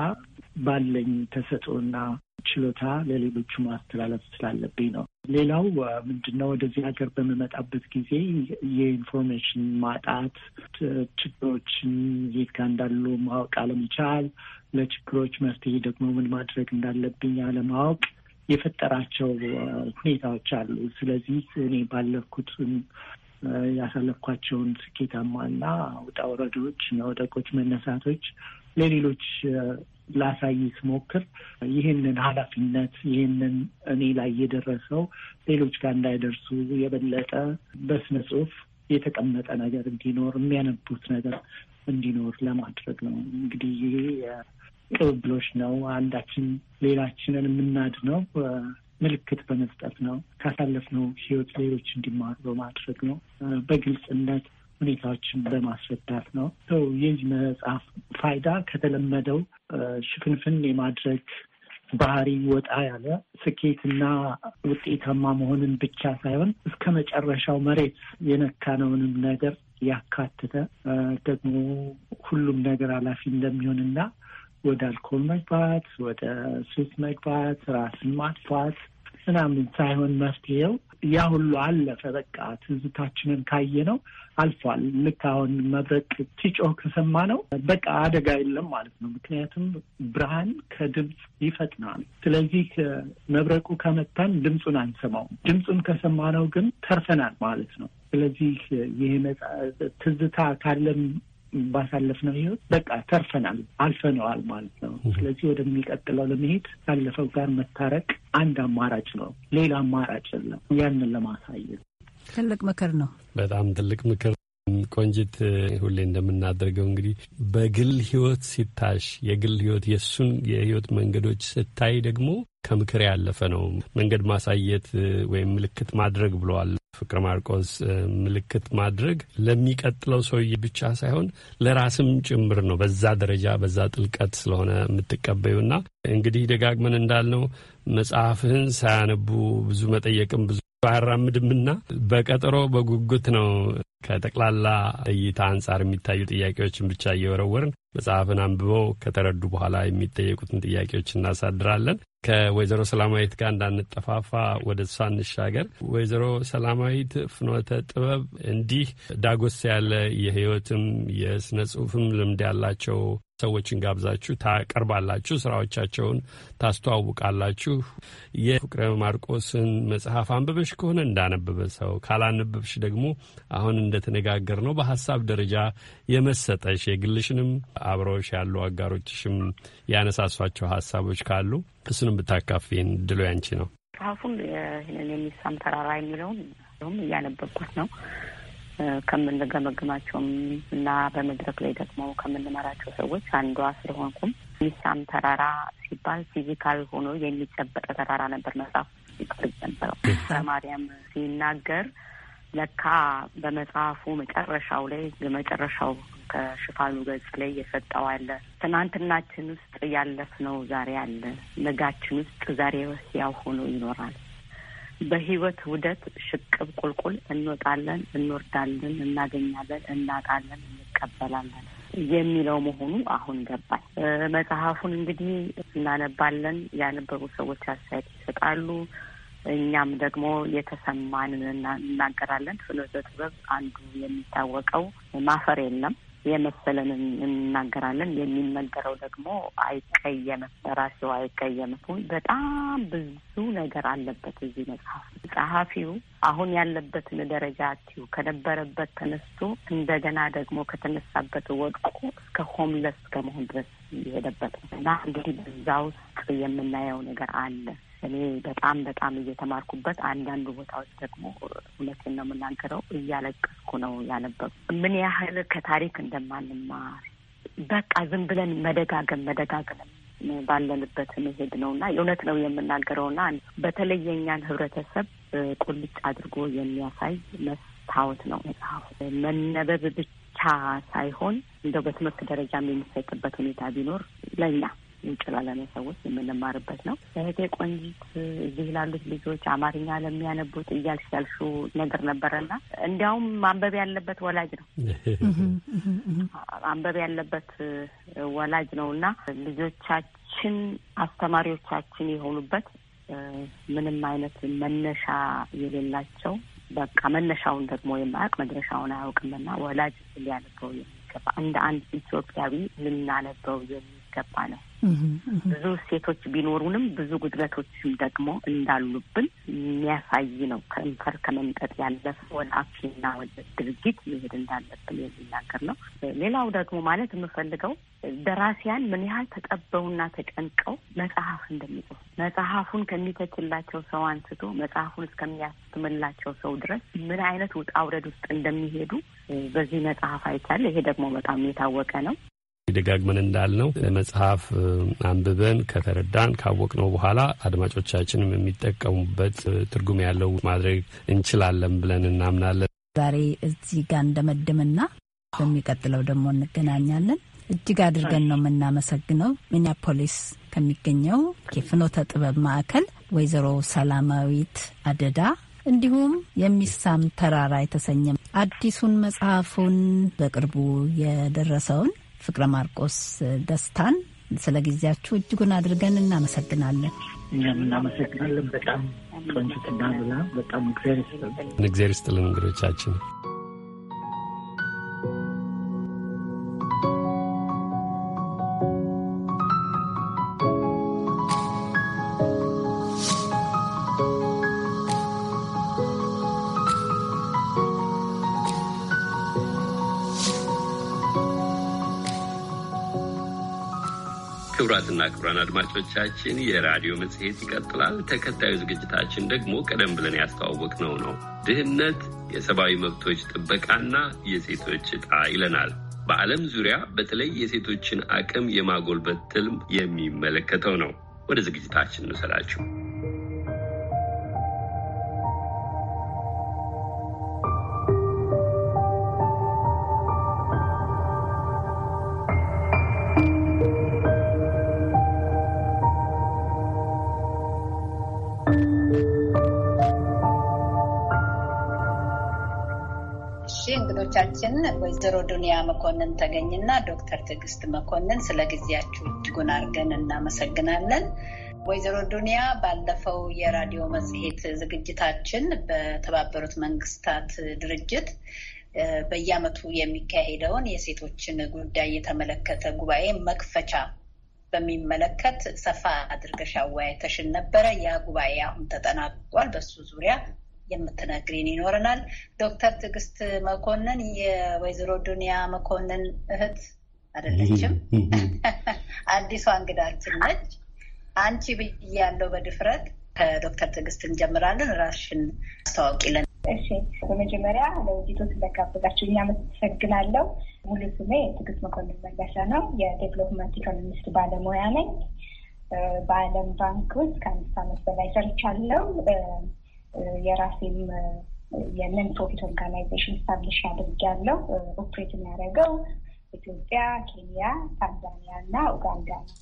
ባለኝ ተሰጥኦና ችሎታ ለሌሎቹ ማስተላለፍ ስላለብኝ ነው። ሌላው ምንድነው ወደዚህ ሀገር በምመጣበት ጊዜ የኢንፎርሜሽን ማጣት፣ ችግሮችን የት ጋር እንዳሉ ማወቅ አለመቻል፣ ለችግሮች መፍትሄ ደግሞ ምን ማድረግ እንዳለብኝ አለማወቅ የፈጠራቸው ሁኔታዎች አሉ። ስለዚህ እኔ ባለፍኩት ያሳለፍኳቸውን ስኬታማና ውጣ ውረዶች እና መነሳቶች ለሌሎች ላሳይ ስሞክር ይህንን ኃላፊነት ይህንን እኔ ላይ የደረሰው ሌሎች ጋር እንዳይደርሱ የበለጠ በስነ ጽሁፍ የተቀመጠ ነገር እንዲኖር የሚያነቡት ነገር እንዲኖር ለማድረግ ነው። እንግዲህ ይሄ ቅብብሎች ነው። አንዳችን ሌላችንን ነው ምልክት በመስጠት ነው። ካሳለፍነው ህይወት ሌሎች እንዲማሩ በማድረግ ነው። በግልጽነት ሁኔታዎችን በማስረዳት ነው። ሰው መጽሐፍ ፋይዳ ከተለመደው ሽፍንፍን የማድረግ ባህሪ ወጣ ያለ ስኬትና ውጤታማ መሆንን ብቻ ሳይሆን እስከ መጨረሻው መሬት የነካነውንም ነገር ያካተተ ደግሞ ሁሉም ነገር ኃላፊ እንደሚሆንና ወደ አልኮል መግባት፣ ወደ ሱስ መግባት፣ ራስን ማጥፋት ምናምን ሳይሆን መፍትሄው ያ ሁሉ አለፈ። በቃ ትዝታችንን ካየ ነው አልፏል። ልክ አሁን መብረቅ ሲጮህ ከሰማ ነው በቃ አደጋ የለም ማለት ነው። ምክንያቱም ብርሃን ከድምፅ ይፈጥናል። ስለዚህ መብረቁ ከመታን ድምፁን አንሰማውም። ድምፁን ከሰማነው ግን ተርፈናል ማለት ነው። ስለዚህ ይህ ትዝታ ካለም ባሳለፍነው ህይወት በቃ ተርፈናል፣ አልፈነዋል ማለት ነው። ስለዚህ ወደሚቀጥለው ለመሄድ ካለፈው ጋር መታረቅ አንድ አማራጭ ነው። ሌላ አማራጭ የለም። ያንን ለማሳየት ትልቅ ምክር ነው። በጣም ትልቅ ምክር ቆንጅት፣ ሁሌ እንደምናደርገው እንግዲህ በግል ህይወት ሲታሽ የግል ህይወት የእሱን የህይወት መንገዶች ስታይ ደግሞ ከምክር ያለፈ ነው። መንገድ ማሳየት ወይም ምልክት ማድረግ ብለዋል ፍቅረ ማርቆስ። ምልክት ማድረግ ለሚቀጥለው ሰውዬ ብቻ ሳይሆን ለራስም ጭምር ነው። በዛ ደረጃ በዛ ጥልቀት ስለሆነ የምትቀበዩና እንግዲህ ደጋግመን እንዳልነው መጽሐፍህን ሳያነቡ ብዙ መጠየቅም ብዙ አያራምድምና በቀጠሮ በጉጉት ነው ከጠቅላላ እይታ አንጻር የሚታዩ ጥያቄዎችን ብቻ እየወረወርን መጽሐፍን አንብበው ከተረዱ በኋላ የሚጠየቁትን ጥያቄዎች እናሳድራለን። ከወይዘሮ ሰላማዊት ጋር እንዳንጠፋፋ ወደ እሷ እንሻገር። ወይዘሮ ሰላማዊት ፍኖተ ጥበብ እንዲህ ዳጎስ ያለ የሕይወትም የስነ ጽሁፍም ልምድ ያላቸው ሰዎችን ጋብዛችሁ ታቀርባላችሁ፣ ስራዎቻቸውን ታስተዋውቃላችሁ። የፍቅረ ማርቆስን መጽሐፍ አንብበሽ ከሆነ እንዳነበበ ሰው ካላነበብሽ ደግሞ አሁን እንደተነጋገር ነው በሀሳብ ደረጃ የመሰጠሽ የግልሽንም አብረውሽ ያሉ አጋሮችሽም ያነሳሷቸው ሀሳቦች ካሉ እሱንም ብታካፊን ድሎ ያንቺ ነው። መጽሐፉን ይህንን የሚሳም ተራራ የሚለውን ም እያነበብኩት ነው ከምንገመግማቸውም እና በመድረክ ላይ ደግሞ ከምንመራቸው ሰዎች አንዷ ስለሆንኩም የሚሳም ተራራ ሲባል ፊዚካል ሆኖ የሚጨበጠ ተራራ ነበር መጽሐፍ ሲቀርብ ነበረው። ማርያም ሲናገር ለካ በመጽሐፉ መጨረሻው ላይ የመጨረሻው ከሽፋኑ ገጽ ላይ የሰጠው አለ። ትናንትናችን ውስጥ ያለፍነው ዛሬ አለ፣ ነጋችን ውስጥ ዛሬ ያው ሆኖ ይኖራል። በህይወት ውደት ሽቅብ ቁልቁል እንወጣለን፣ እንወርዳለን፣ እናገኛለን፣ እናጣለን፣ እንቀበላለን የሚለው መሆኑ አሁን ገባል። መጽሐፉን እንግዲህ እናነባለን፣ ያነበቡ ሰዎች አስተያየት ይሰጣሉ። እኛም ደግሞ የተሰማን እናገራለን። ፍኖተ ጥበብ አንዱ የሚታወቀው ማፈር የለም የመሰለንን እናገራለን። የሚነገረው ደግሞ አይቀየምም፣ ደራሲው አይቀየምም። በጣም ብዙ ነገር አለበት እዚህ መጽሐፍ። ጸሐፊው አሁን ያለበትን ደረጃ አትዩ፣ ከነበረበት ተነስቶ እንደገና ደግሞ ከተነሳበት ወድቆ እስከ ሆምለስ ከመሆን ድረስ የሄደበት ነው እና እንግዲህ በዛ ውስጥ የምናየው ነገር አለ እኔ በጣም በጣም እየተማርኩበት፣ አንዳንዱ ቦታዎች ደግሞ እውነት ነው የምናገረው እያለቀስኩ ነው ያነበሩ ምን ያህል ከታሪክ እንደማንማር በቃ ዝም ብለን መደጋገም መደጋገም ባለንበት መሄድ ነው እና የእውነት ነው የምናገረውና በተለይ የእኛን ህብረተሰብ ቁልጭ አድርጎ የሚያሳይ መስታወት ነው መጽሐፉ። መነበብ ብቻ ሳይሆን እንደው በትምህርት ደረጃም የሚሰጥበት ሁኔታ ቢኖር ለእኛ እንጭላለን ሰዎች የምንማርበት ነው። እህቴ ቆንጂት እዚህ ላሉት ልጆች አማርኛ ለሚያነቡት እያልሽ ያልሹ ነገር ነበረና እንዲያውም ማንበብ ያለበት ወላጅ ነው (laughs) ማንበብ ያለበት ወላጅ ነው እና ልጆቻችን አስተማሪዎቻችን የሆኑበት ምንም አይነት መነሻ የሌላቸው በቃ መነሻውን ደግሞ የማያውቅ መድረሻውን አያውቅምና ወላጅ ሊያነበው የሚገባ እንደ አንድ ኢትዮጵያዊ ልናነበው የሚገባ ነው። ብዙ ሴቶች ቢኖሩንም ብዙ ጉድለቶችም ደግሞ እንዳሉብን የሚያሳይ ነው። ከንፈር ከመምጠጥ ያለፈ ወደ አክሽንና ወደ ድርጊት መሄድ እንዳለብን የሚናገር ነው። ሌላው ደግሞ ማለት የምፈልገው ደራሲያን ምን ያህል ተጠበውና ተጨንቀው መጽሐፍ እንደሚጽፉ መጽሐፉን ከሚተችላቸው ሰው አንስቶ መጽሐፉን እስከሚያስትምላቸው ሰው ድረስ ምን አይነት ውጣ ውረድ ውስጥ እንደሚሄዱ በዚህ መጽሐፍ አይቻል። ይሄ ደግሞ በጣም የታወቀ ነው። ደጋግመን እንዳልነው መጽሐፍ አንብበን ከተረዳን ካወቅነው በኋላ አድማጮቻችንም የሚጠቀሙበት ትርጉም ያለው ማድረግ እንችላለን ብለን እናምናለን። ዛሬ እዚህ ጋር እንደመድምና በሚቀጥለው ደግሞ እንገናኛለን። እጅግ አድርገን ነው የምናመሰግነው ሚኒያፖሊስ ከሚገኘው የፍኖተ ጥበብ ማዕከል ወይዘሮ ሰላማዊት አደዳ እንዲሁም የሚሳም ተራራ የተሰኘ አዲሱን መጽሐፉን በቅርቡ የደረሰውን ፍቅረ ማርቆስ ደስታን ስለ ጊዜያችሁ እጅጉን አድርገን እናመሰግናለን። እኛም እናመሰግናለን። በጣም ቆንጅትና ብላ በጣም እግዚአብሔር ይስጥልን። እግዚአብሔር ይስጥልን እንግዶቻችን ክቡራትና ክቡራን አድማጮቻችን የራዲዮ መጽሔት ይቀጥላል። ተከታዩ ዝግጅታችን ደግሞ ቀደም ብለን ያስተዋወቅ ነው። ነው። ድህነት፣ የሰብአዊ መብቶች ጥበቃና የሴቶች እጣ ይለናል። በዓለም ዙሪያ በተለይ የሴቶችን አቅም የማጎልበት ትልም የሚመለከተው ነው። ወደ ዝግጅታችን እንውሰዳችሁ። ባልደረባችን ወይዘሮ ዱኒያ መኮንን ተገኝና ዶክተር ትዕግስት መኮንን ስለ ጊዜያችሁ እጅጉን አድርገን እናመሰግናለን። ወይዘሮ ዱኒያ ባለፈው የራዲዮ መጽሔት ዝግጅታችን በተባበሩት መንግስታት ድርጅት በየዓመቱ የሚካሄደውን የሴቶችን ጉዳይ የተመለከተ ጉባኤ መክፈቻ በሚመለከት ሰፋ አድርገሽ አወያይተሽን ነበረ። ያ ጉባኤ አሁን ተጠናቋል። በሱ ዙሪያ የምትነግሪን ይኖረናል። ዶክተር ትዕግስት መኮንን የወይዘሮ ዱኒያ መኮንን እህት አይደለችም፣ (laughs) አዲሷ እንግዳችን ነች። አንቺ ብዬ ያለው በድፍረት ከዶክተር ትዕግስት እንጀምራለን። ራስሽን አስተዋውቂልን። እሺ፣ በመጀመሪያ ለውይይቱ ስለጋበዛችሁ አመሰግናለሁ። ሙሉ ስሜ ትዕግስት መኮንን መለሰ ነው። የዴቨሎፕመንት ኢኮኖሚስት ባለሙያ ነኝ። በዓለም ባንክ ውስጥ ከአምስት ዓመት በላይ ሰርቻለሁ። የራሴም የነን ፕሮፊት ኦርጋናይዜሽን ስታብሊሽ ያለው ኦፕሬት የሚያደርገው ኢትዮጵያ፣ ኬንያ፣ ታንዛኒያ እና ኡጋንዳ ነው።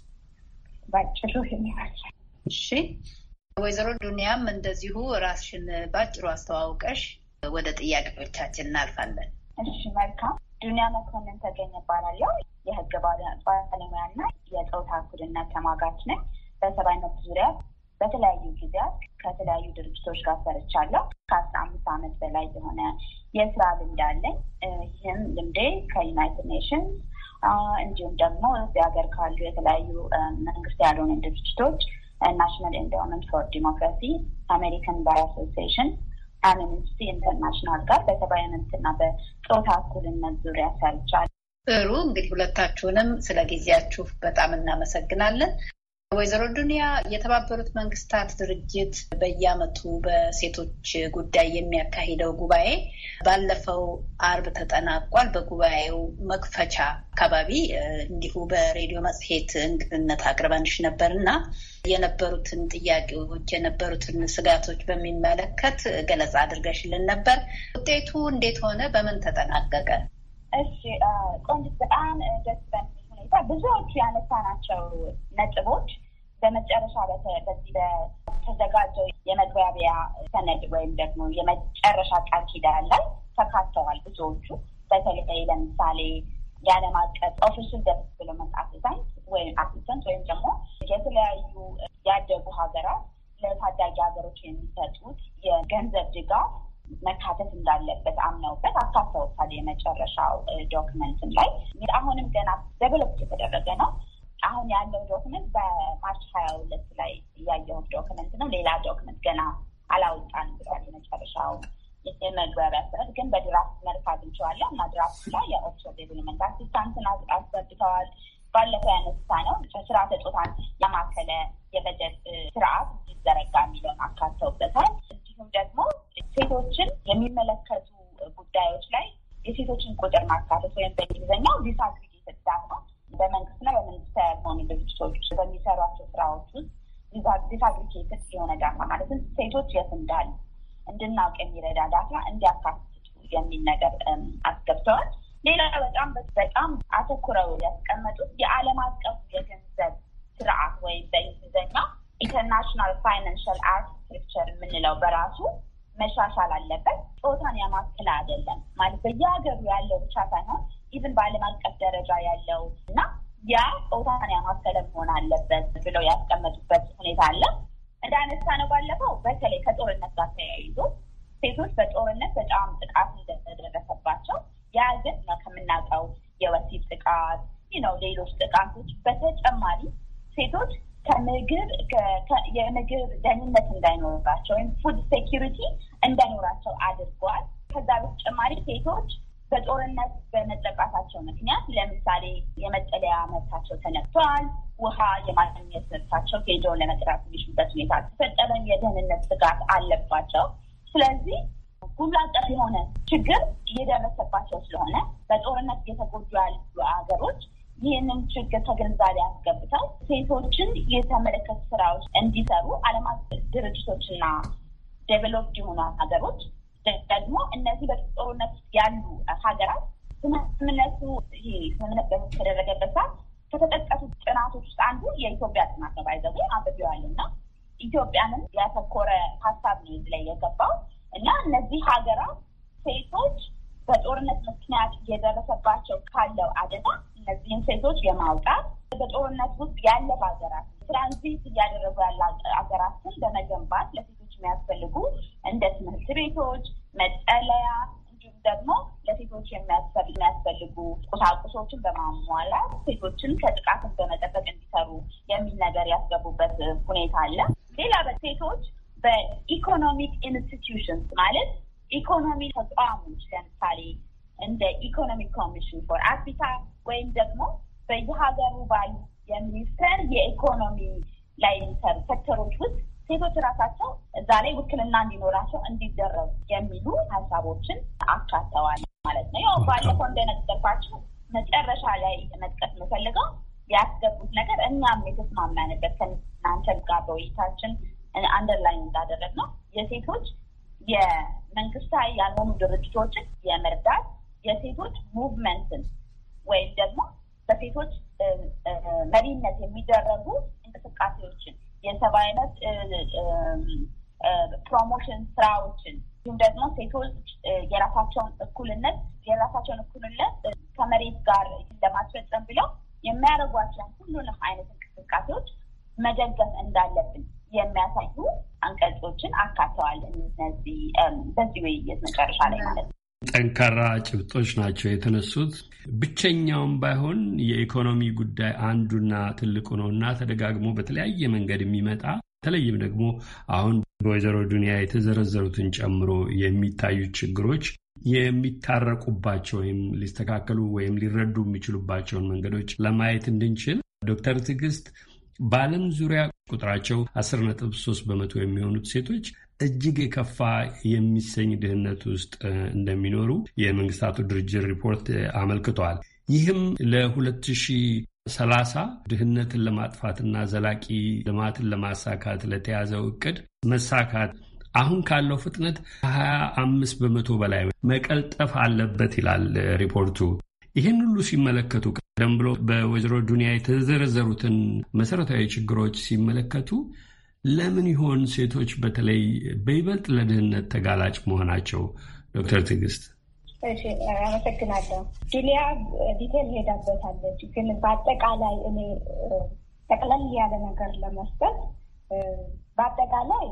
ባጭሩ ይመስላል። እሺ ወይዘሮ ዱኒያም እንደዚሁ ራስሽን ባጭሩ አስተዋውቀሽ ወደ ጥያቄዎቻችን እናልፋለን። እሺ መልካም። ዱኒያ መኮንን ተገኘ እባላለሁ። የህግ ባለሙያ እና የፆታ እኩልነት ተሟጋች ነኝ። በሰብአዊ መብት ዙሪያ በተለያዩ ጊዜያት ከተለያዩ ድርጅቶች ጋር ሰርቻለሁ። ከአስራ አምስት ዓመት በላይ የሆነ የስራ ልምድ አለኝ። ይህም ልምዴ ከዩናይትድ ኔሽንስ እንዲሁም ደግሞ እዚህ ሀገር ካሉ የተለያዩ መንግስት ያልሆኑ ድርጅቶች ናሽናል ኤንዳውመንት ፎር ዲሞክራሲ፣ አሜሪካን ባር አሶሲሽን፣ አምነስቲ ኢንተርናሽናል ጋር በሰብአዊ መብትና በጾታ እኩልነት ዙሪያ ሰርቻለሁ። ጥሩ እንግዲህ ሁለታችሁንም ስለ ጊዜያችሁ በጣም እናመሰግናለን። ወይዘሮ ዱኒያ የተባበሩት መንግስታት ድርጅት በየአመቱ በሴቶች ጉዳይ የሚያካሂደው ጉባኤ ባለፈው አርብ ተጠናቋል። በጉባኤው መክፈቻ አካባቢ እንዲሁ በሬዲዮ መጽሔት እንግድነት አቅርበንሽ ነበር እና የነበሩትን ጥያቄዎች የነበሩትን ስጋቶች በሚመለከት ገለጻ አድርገሽልን ነበር። ውጤቱ እንዴት ሆነ? በምን ተጠናቀቀ? እሺ ቆንጆ በጣም ደስ በቀጥታ ብዙዎቹ ያነሳናቸው ነጥቦች በመጨረሻ በዚህ በተዘጋጀው የመግባቢያ ሰነድ ወይም ደግሞ የመጨረሻ ቃል ኪዳን ላይ ተካተዋል። ብዙዎቹ በተለይ ለምሳሌ የዓለም አቀፍ ኦፊሻል ዴቨሎፕመንት አሲስታንስ ወይም አሲስተንት ወይም ደግሞ የተለያዩ ያደጉ ሀገራት ለታዳጊ ሀገሮች የሚሰጡት የገንዘብ ድጋፍ መካተት እንዳለበት አምነውበት አካተውታል። የመጨረሻው ዶክመንትም ላይ አሁንም ገና ደብሎፕ የተደረገ ነው። አሁን ያለው ዶክመንት በማርች ሀያ ሁለት ላይ ያየሁት ዶክመንት ነው። ሌላ ዶክመንት ገና አላወጣን ብሏል። የመጨረሻው የመግባቢያ ስረት ግን በድራፍት መልክ አግኝቼዋለሁ እና ድራፍት ላይ የኦቶ ዴቨሎመንት አሲስታንትን አስገብተዋል። ባለፈው ያነሳ ነው ስራ ተጦታን ያማከለ የበጀት ስርአት ይዘረጋ የሚለውን አካተውበታል። እንዲሁም ደግሞ ሴቶችን የሚመለከቱ ጉዳዮች ላይ የሴቶችን ቁጥር ማካተት ወይም በእንግሊዝኛው ዲስአግሪጌትድ ዳታ በመንግስትና በመንግስት ያልሆኑ ድርጅቶች በሚሰሯቸው ስራዎች ውስጥ ዲስአግሪጌትድ የሆነ ዳታ ማለትም ሴቶች የት እንዳሉ እንድናውቅ የሚረዳ ዳታ እንዲያካትቱ የሚል ነገር አስገብተዋል። ሌላ በጣም በጣም አተኩረው ያስቀመጡት የዓለም አቀፍ የገንዘብ ስርዓት ወይም በእንግሊዝኛው ኢንተርናሽናል ፋይናንሽል አክት ስትራክቸር የምንለው በራሱ መሻሻል አለበት። ጾታን ያማከለ አይደለም ማለት በየሀገሩ ያለው ብቻ ሳይሆን ኢቭን በዓለም አቀፍ ደረጃ ያለው እና ያ ጾታን ያማከለ መሆን አለበት ብለው ያስቀመጡበት ሁኔታ አለ። እንዳነሳ ነው ባለፈው በተለይ ከጦርነት ጋር ተያይዞ ሴቶች በጦርነት በጣም ጥቃት እንደተደረሰባቸው ያ ግን ከምናውቀው የወሲብ ጥቃት ነው ሌሎች ጥቃቶች በተጨማሪ ሴቶች ከምግብ የምግብ ደህንነት እንዳይኖርባቸው ወይም ፉድ ሴኪሪቲ እንዳይኖራቸው አድርጓል። ከዛ በተጨማሪ ሴቶች በጦርነት በመጠቃታቸው ምክንያት ለምሳሌ የመጠለያ መብታቸው ተነክቷል። ውሃ የማግኘት መብታቸው ሄዶ ለመጥራት የሚችሉበት ሁኔታ ተፈጠረም፣ የደህንነት ስጋት አለባቸው። ስለዚህ ሁሉን የሆነ ችግር እየደረሰባቸው ስለሆነ በጦርነት እየተጎዱ ያሉ ሀገሮች ይህንን ችግር ከግንዛቤ አስገብተው ሴቶችን የተመለከቱ ስራዎች እንዲሰሩ ዓለም አቀፍ ድርጅቶችና ዴቨሎፕ የሆኑ ሀገሮች ደግሞ እነዚህ በጦርነት ያሉ ሀገራት ስምምነቱ ይሄ ስምምነት በተደረገበት ሰዓት ከተጠቀሱት ጥናቶች ውስጥ አንዱ የኢትዮጵያ ጥናት ተባይዘቡ አንብቤዋለሁ እና ኢትዮጵያንም ያተኮረ ሀሳብ ነው ላይ የገባው እና እነዚህ ሀገራት ሴቶች በጦርነት ምክንያት እየደረሰባቸው ካለው አደጋ እነዚህን ሴቶች የማውጣት በጦርነት ውስጥ ያለው ሀገራት ትራንዚት እያደረጉ ያለ ሀገራትን በመገንባት ለሴቶች የሚያስፈልጉ እንደ ትምህርት ቤቶች፣ መጠለያ እንዲሁም ደግሞ ለሴቶች የሚያስፈልጉ ቁሳቁሶችን በማሟላት ሴቶችን ከጥቃትን በመጠበቅ እንዲሰሩ የሚል ነገር ያስገቡበት ሁኔታ አለ። ሌላ በሴቶች በኢኮኖሚክ ኢንስቲትዩሽንስ ማለት ኢኮኖሚ ተቋሞች ለምሳሌ እንደ ኢኮኖሚ ኮሚሽን ፎር አፍሪካ ወይም ደግሞ በየሀገሩ ባሉ የሚኒስተር የኢኮኖሚ ላይ የሚሰሩ ሴክተሮች ውስጥ ሴቶች ራሳቸው እዛ ላይ ውክልና እንዲኖራቸው እንዲደረጉ የሚሉ ሀሳቦችን አካተዋል ማለት ነው። ያው ባለፈው እንደነገርኳቸው መጨረሻ ላይ መጥቀስ የምፈልገው ያስገቡት ነገር እኛም የተስማማንበት ከእናንተ ጋር በውይይታችን አንደርላይን እንዳደረግ ነው የሴቶች የመንግስታዊ ያልሆኑ ድርጅቶችን የመርዳት የሴቶች ሙቭመንትን ወይም ደግሞ በሴቶች መሪነት የሚደረጉ እንቅስቃሴዎችን የሰብአዊ መብት ፕሮሞሽን ስራዎችን እንዲሁም ደግሞ ሴቶች የራሳቸውን እኩልነት የራሳቸውን እኩልነት ከመሬት ጋር ለማስፈጸም ብለው የሚያደርጓቸውን ሁሉንም አይነት እንቅስቃሴዎች መደገፍ እንዳለብን የሚያሳዩ አንቀጾችን አካተዋል። እነዚህ በዚህ ውይይት መጨረሻ ላይ ማለት ነው። ጠንካራ ጭብጦች ናቸው የተነሱት። ብቸኛውም ባይሆን የኢኮኖሚ ጉዳይ አንዱና ትልቁ ነው እና ተደጋግሞ በተለያየ መንገድ የሚመጣ በተለይም ደግሞ አሁን በወይዘሮ ዱኒያ የተዘረዘሩትን ጨምሮ የሚታዩ ችግሮች የሚታረቁባቸው ወይም ሊስተካከሉ ወይም ሊረዱ የሚችሉባቸውን መንገዶች ለማየት እንድንችል ዶክተር ትዕግስት በዓለም ዙሪያ ቁጥራቸው 10.3 በመቶ የሚሆኑት ሴቶች እጅግ የከፋ የሚሰኝ ድህነት ውስጥ እንደሚኖሩ የመንግስታቱ ድርጅት ሪፖርት አመልክቷል። ይህም ለ2030 ድህነትን ለማጥፋትና ዘላቂ ልማትን ለማሳካት ለተያዘው እቅድ መሳካት አሁን ካለው ፍጥነት ከ25 በመቶ በላይ መቀልጠፍ አለበት ይላል ሪፖርቱ። ይህን ሁሉ ሲመለከቱ ቀደም ብሎ በወይዘሮ ዱንያ የተዘረዘሩትን መሰረታዊ ችግሮች ሲመለከቱ ለምን ይሆን ሴቶች በተለይ በይበልጥ ለድህነት ተጋላጭ መሆናቸው? ዶክተር ትዕግስት አመሰግናለሁ። ጁሊያ ዲቴል ሄዳበታለች፣ ግን በአጠቃላይ እኔ ጠቅለል ያለ ነገር ለመስጠት በአጠቃላይ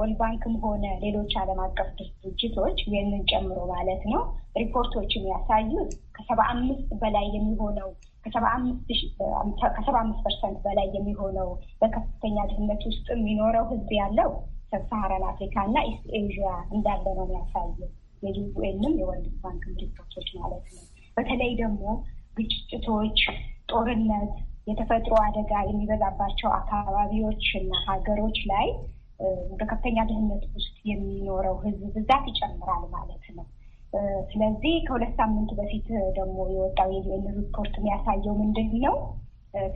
ወልድ ባንክም ሆነ ሌሎች ዓለም አቀፍ ድርጅቶች ይህንን ጨምሮ ማለት ነው ሪፖርቶችን ያሳዩት ከሰባ አምስት በላይ የሚሆነው ከሰባ አምስት ፐርሰንት በላይ የሚሆነው በከፍተኛ ድህነት ውስጥ የሚኖረው ህዝብ ያለው ሰብሳሃራን አፍሪካ እና ኢስት ኤዥያ እንዳለ ነው የሚያሳየው የዩኤንም የወልድ ባንክም ሪፖርቶች ማለት ነው። በተለይ ደግሞ ግጭቶች፣ ጦርነት የተፈጥሮ አደጋ የሚበዛባቸው አካባቢዎች እና ሀገሮች ላይ በከፍተኛ ድህነት ውስጥ የሚኖረው ህዝብ ብዛት ይጨምራል ማለት ነው። ስለዚህ ከሁለት ሳምንት በፊት ደግሞ የወጣው የዩኤን ሪፖርት የሚያሳየው ምንድን ነው?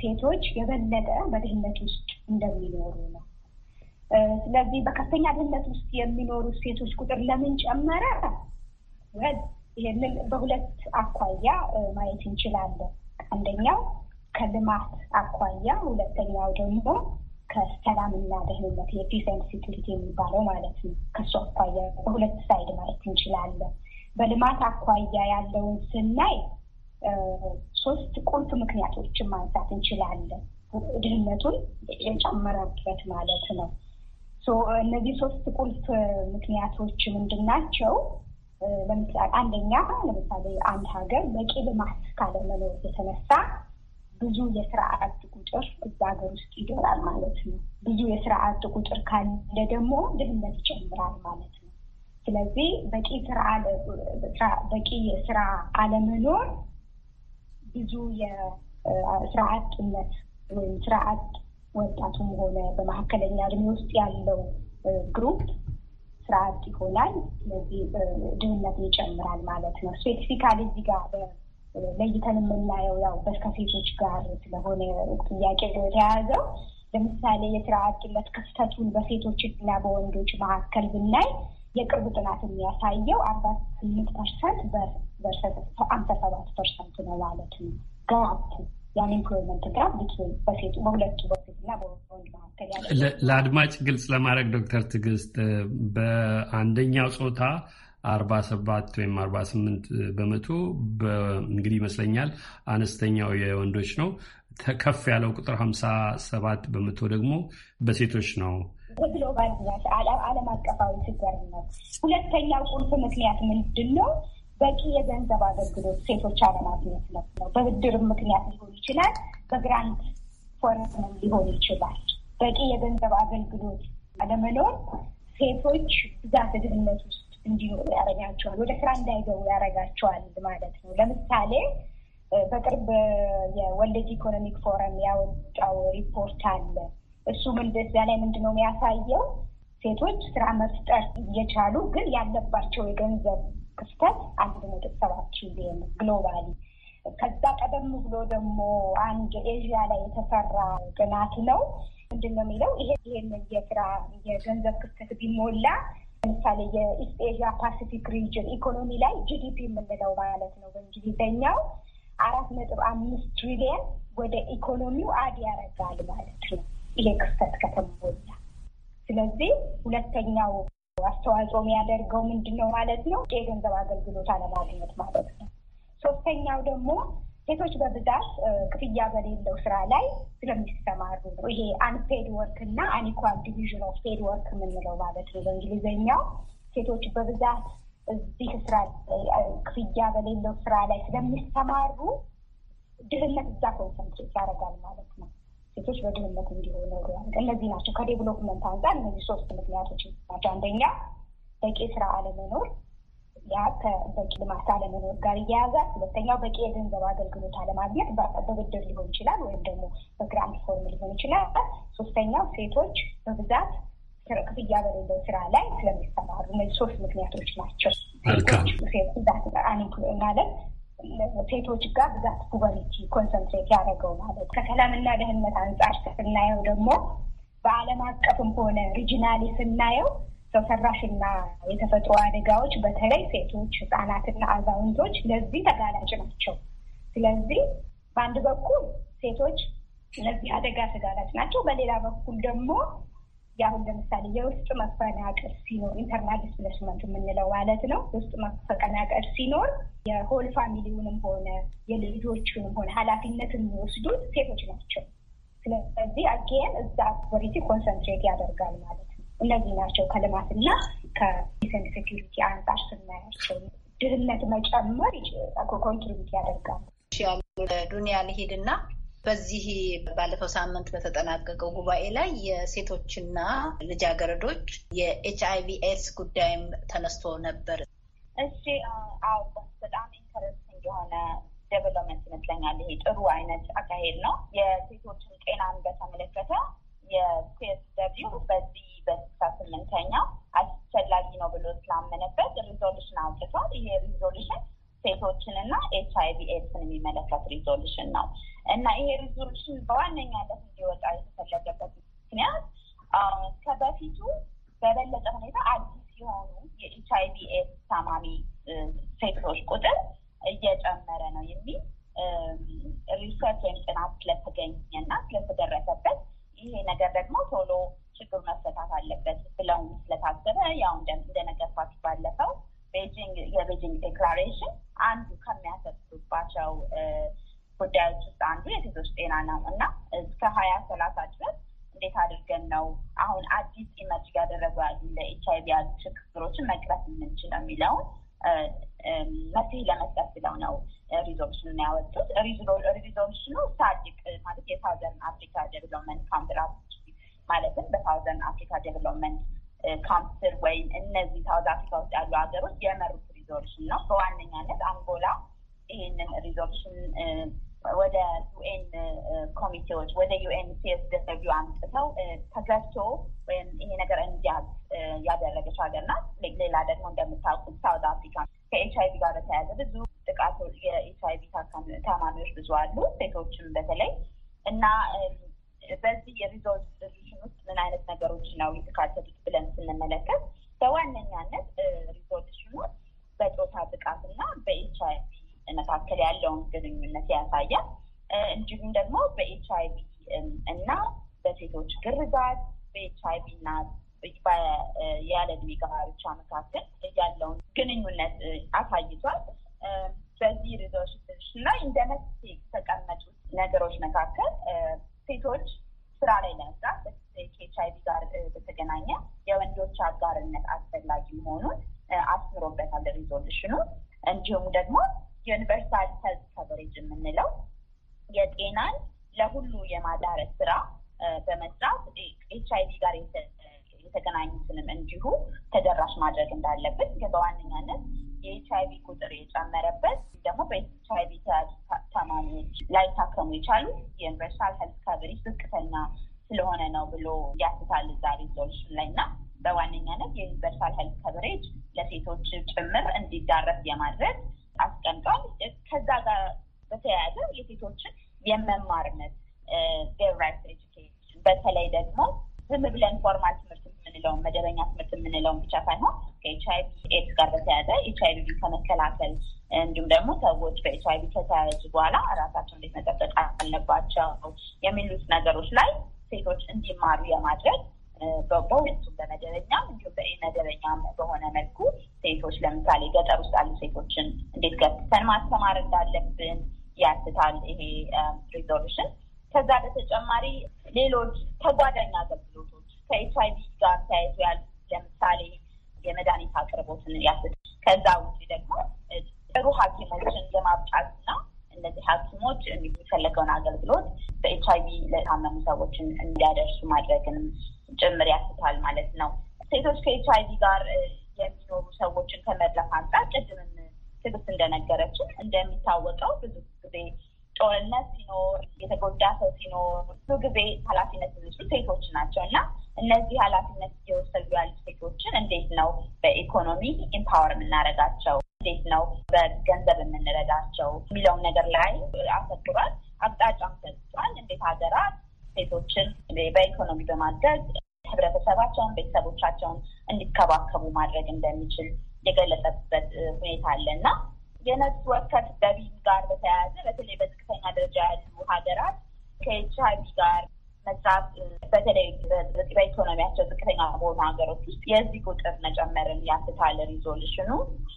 ሴቶች የበለጠ በድህነት ውስጥ እንደሚኖሩ ነው። ስለዚህ በከፍተኛ ድህነት ውስጥ የሚኖሩ ሴቶች ቁጥር ለምን ጨመረ? ይህንን በሁለት አኳያ ማየት እንችላለን። አንደኛው ከልማት አኳያ፣ ሁለተኛው ደግሞ እና ደህንነት የፒስ ኤንድ ሴኩሪቲ የሚባለው ማለት ነው። ከሱ አኳያ በሁለት ሳይድ ማለት እንችላለን። በልማት አኳያ ያለውን ስናይ ሶስት ቁልፍ ምክንያቶችን ማንሳት እንችላለን። ድህነቱን የጨመረበት ማለት ነው። እነዚህ ሶስት ቁልፍ ምክንያቶች ምንድን ናቸው? ለምሳሌ አንደኛ፣ ለምሳሌ አንድ ሀገር በቂ ልማት ካለመኖር የተነሳ ብዙ የስራ አጥ ቁጥር እዛ ሀገር ውስጥ ይኖራል ማለት ነው። ብዙ የስራ አጥ ቁጥር ካለ ደግሞ ድህነት ይጨምራል ማለት ነው። ስለዚህ በቂ በቂ የስራ አለመኖር ብዙ የስራ አጥነት ወይም ስራ አጥ ወጣቱም ሆነ በመካከለኛ እድሜ ውስጥ ያለው ግሩፕ ስራ አጥ ይሆናል። ስለዚህ ድህነትን ይጨምራል ማለት ነው። ስፔሲፊካሊ እዚህ ጋር ለይተን የምናየው ያው ከሴቶች ጋር ስለሆነ ጥያቄ የተያያዘው ለምሳሌ የስራ አጥነት ክፍተቱን እና በወንዶች መካከል ብናይ የቅርብ ጥናት የሚያሳየው አርባ ስምንት ፐርሰንት በአምሳ ሰባት ፐርሰንት ነው ማለት ነው። ጋፕ የአንኤምፕሎይመንት ጋፕ በሴቱ በሁለቱ በሴትና በወንድ መካከል ያለ ለአድማጭ ግልጽ ለማድረግ ዶክተር ትዕግስት በአንደኛው ፆታ 47 ወይም 48 በመቶ እንግዲህ ይመስለኛል አነስተኛው የወንዶች ነው። ከፍ ያለው ቁጥር 57 በመቶ ደግሞ በሴቶች ነው። ዓለም አቀፋዊ ችግር ነው። ሁለተኛው ቁልፍ ምክንያት ምንድን ነው? በቂ የገንዘብ አገልግሎት ሴቶች አለማግኘት ነው። በብድር ምክንያት ሊሆን ይችላል፣ በግራንት ፎረም ሊሆን ይችላል። በቂ የገንዘብ አገልግሎት አለመኖር ሴቶች ብዛት ድህነት ውስጥ እንዲኖሩ ያደርጋቸዋል። ወደ ስራ እንዳይገቡ ያደርጋቸዋል ማለት ነው። ለምሳሌ በቅርብ የወርልድ ኢኮኖሚክ ፎረም ያወጣው ሪፖርት አለ። እሱ እዚያ ላይ ምንድን ነው የሚያሳየው? ሴቶች ስራ መፍጠር እየቻሉ ግን ያለባቸው የገንዘብ ክፍተት አንድ ነጥብ ሰባት ትሪሊየን ግሎባሊ። ከዛ ቀደም ብሎ ደግሞ አንድ ኤዥያ ላይ የተሰራ ጥናት ነው ምንድን ነው የሚለው ይሄ ይሄን የስራ የገንዘብ ክፍተት ቢሞላ ለምሳሌ የኢስት ኤዥያ ፓሲፊክ ሪጅን ኢኮኖሚ ላይ ጂዲፒ የምንለው ማለት ነው በእንግሊዝኛው አራት ነጥብ አምስት ትሪሊየን ወደ ኢኮኖሚው አድ ያደርጋል ማለት ነው ይሄ ክፍተት ከተሞላ። ስለዚህ ሁለተኛው አስተዋጽኦ የሚያደርገው ምንድን ነው ማለት ነው የገንዘብ አገልግሎት አለማግኘት ማለት ነው። ሶስተኛው ደግሞ ሴቶች በብዛት ክፍያ በሌለው ስራ ላይ ስለሚሰማሩ ነው። ይሄ አንፔድ ወርክ እና አንኳል ዲቪዥን ኦፍ ፔድ ወርክ የምንለው ማለት ነው በእንግሊዝኛው። ሴቶች በብዛት እዚህ ስራ ክፍያ በሌለው ስራ ላይ ስለሚሰማሩ ድህነት እዛ ኮንሰንትሬት ያደርጋል ማለት ነው። ሴቶች በድህነት እንዲሆኑ እነዚህ ናቸው። ከዴቨሎፕመንት አንጻር እነዚህ ሶስት ምክንያቶች ናቸው። አንደኛ በቂ ስራ አለመኖር ያ ከበቂ ልማት አለመኖር ጋር እያያዘ፣ ሁለተኛው በቂ የገንዘብ አገልግሎት አለማግኘት በብድር ሊሆን ይችላል ወይም ደግሞ በግራንድ ፎርም ሊሆን ይችላል። ሶስተኛው ሴቶች በብዛት ክፍያ በሌለው ስራ ላይ ስለሚሰማሩ እነዚህ ሶስት ምክንያቶች ናቸው። ማለት ሴቶች ጋር ብዛት ፑቨርቲ ኮንሰንትሬት ያደረገው ማለት ከሰላምና ደህንነት አንጻር ስናየው ደግሞ በዓለም አቀፍም ሆነ ሪጂናሊ ስናየው ሰው ሰራሽና የተፈጥሮ አደጋዎች በተለይ ሴቶች፣ ህጻናትና አዛውንቶች ለዚህ ተጋላጭ ናቸው። ስለዚህ በአንድ በኩል ሴቶች ለዚህ አደጋ ተጋላጭ ናቸው፣ በሌላ በኩል ደግሞ የአሁን ለምሳሌ የውስጥ መፈናቀል ሲኖር ኢንተርናል ዲስፕሌስመንት የምንለው ማለት ነው። ውስጥ መፈናቀል ሲኖር የሆል ፋሚሊውንም ሆነ የልጆቹንም ሆነ ኃላፊነት የሚወስዱት ሴቶች ናቸው። ስለዚህ አጌን እዛ አውቶሪቲ ኮንሰንትሬት ያደርጋል ማለት ነው። እነዚህ ናቸው ከልማትና ከዲሰንት ሴኪሪቲ አንጻር ስናያቸው ድህነት መጨመር ኮንትሪቢት ያደርጋል። ዱኒያ ልሂድና በዚህ ባለፈው ሳምንት በተጠናቀቀው ጉባኤ ላይ የሴቶችና ልጃገረዶች የኤች ቪ ኤድስ ጉዳይም ተነስቶ ነበር። እሺ፣ አዎ፣ በጣም ኢንተረስቲንግ የሆነ ዴቨሎፕመንት ይመስለኛል። ይሄ ጥሩ አይነት አካሄድ ነው። የሴቶችን ጤናን በተመለከተ የሲኤስደብሊው በዚህ በስሳ ስምንተኛው አስፈላጊ ነው ብሎ ስላመነበት ሪዞሉሽን አውጥቷል። ይሄ ሪዞሉሽን ሴቶችን እና ኤች ቪ ኤድስን የሚመለከት ሪዞሉሽን ነው እና ይሄ ሪዞሉሽን በዋነኛነት እንዲወጣ የተፈለገበት ምክንያት ከበፊቱ በበለጠ ሁኔታ አዲስ የሆኑ የኤች ቪ ኤድስ ታማሚ ሴቶች ቁጥር እየጨመረ ነው የሚል ሪሰርች ወይም ጥናት ስለተገኘ ስለተደረሰበት ይሄ ነገር ደግሞ ቶሎ ችግር መፈታት አለበት ብለው ስለታሰበ ያው እንደነገርኳችሁ ባለፈው ቤጂንግ የቤጂንግ ዴክላሬሽን አንዱ ከሚያሰብባቸው ጉዳዮች ውስጥ አንዱ የሴቶች ጤና ነው እና እስከ ሀያ ሰላሳ ድረስ እንዴት አድርገን ነው አሁን አዲስ ኢመርጅ ያደረጉ ያሉ እንደ ኤች አይቪ ያሉ ችግሮችን መቅረፍ የምንችለው የሚለውን መፍትሄ ለመስጠት ብለው ነው ሪዞሉሽን ያወጡት። ሪዞሉሽኑ ሳዲቅ ማለት የሳውዘርን አፍሪካ ዴቨሎፕመንት ካምፕራት ማለትም በሳውዘርን አፍሪካ ዴቨሎፕመንት ካምፕስር ወይም እነዚህ ሳውዝ አፍሪካ ውስጥ ያሉ ሀገሮች የመሩት ሪዞሉሽን ነው። በዋነኛነት አንጎላ ይህንን ሪዞሉሽን ወደ ዩኤን ኮሚቴዎች ወደ ዩኤን ሲኤስ ደብዩ አምጥተው ተገብቶ ወይም ይሄ ነገር እንዲያዝ ያደረገች ሀገር ናት። ሌላ ደግሞ እንደምታውቁት ሳውዝ አፍሪካ ከኤች አይቪ ጋር በተያያዘ ብዙ ጥቃቶች የኤች አይቪ ታማሚዎች ብዙ አሉ፣ ሴቶችም በተለይ እና በዚህ የሪዞርስ ሶሉሽን ውስጥ ምን አይነት ነገሮች ነው የተካተቱት ብለን ስንመለከት በዋነኛነት ሪዞሉሽኑ በጾታ ጥቃት እና በኤች አይቪ መካከል ያለውን ግንኙነት ያሳያል። እንዲሁም ደግሞ በኤች አይቪ እና በሴቶች ግርዛት በኤች አይቪ እና ያለ እድሜ ገባሪዎቿ መካከል ያለውን ግንኙነት አሳይቷል። በዚህ ሪዞሽን ላይ እንደ መፍትሄ ነገሮች መካከል ሴቶች ስራ ላይ ለመስራት ከኤች አይቪ ጋር በተገናኘ የወንዶች አጋርነት አስፈላጊ መሆኑን አስምሮበታል ሪዞሉሽኑ። እንዲሁም ደግሞ ዩኒቨርሳል ሄልዝ ከቨሬጅ የምንለው የጤናን ለሁሉ የማዳረስ ስራ በመስራት ኤች አይቪ ጋር የተ የተገናኙትንም እንዲሁ ተደራሽ ማድረግ እንዳለብን ግን በዋነኛነት የኤች አይቪ ቁጥር የጨመረበት ደግሞ በኤች አይቪ ታማሚዎች ላይታከሙ የቻሉ የዩኒቨርሳል ሄልዝ ካቨሬጅ ዝቅተኛ ስለሆነ ነው ብሎ ያስታል እዛ ሪዞሉሽን ላይ እና በዋነኛነት የዩኒቨርሳል ሄልዝ ካቨሬጅ ለሴቶች ጭምር እንዲዳረስ የማድረግ አስቀምጧል። ከዛ ጋር በተያያዘ የሴቶችን የመማርነት ራይት ኤዱኬሽን በተለይ ደግሞ ዝም ብለን ፎርማል ትምህርት የምንለው መደበኛ ትምህርት የምንለውን ብቻ ሳይሆን ከኤች ቪ ኤድስ ጋር በተያያዘ ኤች አይቪ ከመከላከል እንዲሁም ደግሞ ሰዎች በኤች አይቪ ከተያያዙ በኋላ ራሳቸው እንዴት መጠበቅ አለባቸው የሚሉት ነገሮች ላይ ሴቶች እንዲማሩ የማድረግ በሁለቱም በመደበኛ እንዲሁም በመደበኛ በሆነ መልኩ ሴቶች ለምሳሌ ገጠር ውስጥ ያሉ ሴቶችን እንዴት ገብተን ማስተማር እንዳለብን ያስታል ይሄ ሪዞሉሽን። ከዛ በተጨማሪ ሌሎች ተጓዳኝ አገልግሎቶች ከኤች አይቪ ጋር ተያይዞ ያሉ ለምሳሌ የመድኃኒት አቅርቦትን ያስ ከዛ ውጭ ደግሞ ጥሩ ሐኪሞችን የማብቃት እና እነዚህ ሐኪሞች የሚፈለገውን አገልግሎት በኤች አይቪ ለታመሙ ሰዎችን እንዲያደርሱ ማድረግንም ጭምር ያስታል ማለት ነው። ሴቶች ከኤች አይቪ ጋር የሚኖሩ ሰዎችን ከመድረፍ አንጻር ቅድምም ትግስት እንደነገረችን እንደሚታወቀው ብዙ ጊዜ ጦርነት ሲኖር የተጎዳ ሰው ሲኖር ብዙ ጊዜ ኃላፊነት የሚወስዱ ሴቶች ናቸው እና እነዚህ ኃላፊነት እየወሰዱ ያሉ ሴቶችን እንዴት ነው በኢኮኖሚ ኢምፓወር የምናደርጋቸው፣ እንዴት ነው በገንዘብ የምንረዳቸው የሚለው ነገር ላይ አተኩሯል። አቅጣጫም ሰጥቷል። እንዴት ሀገራት ሴቶችን በኢኮኖሚ በማገዝ ህብረተሰባቸውን፣ ቤተሰቦቻቸውን እንዲከባከቡ ማድረግ እንደሚችል የገለጸበት ሁኔታ አለ እና የነፍስ ወከፍ ገቢ ጋር በተያያዘ በተለይ በዝቅተኛ ደረጃ ያሉ ሀገራት ከኤች አይ ቪ ጋር መጽሐፍ በተለይ በኢኮኖሚያቸው ዝቅተኛ በሆኑ ሀገሮች ውስጥ የዚህ ቁጥር መጨመርን ያትታል ሪዞሉሽኑ።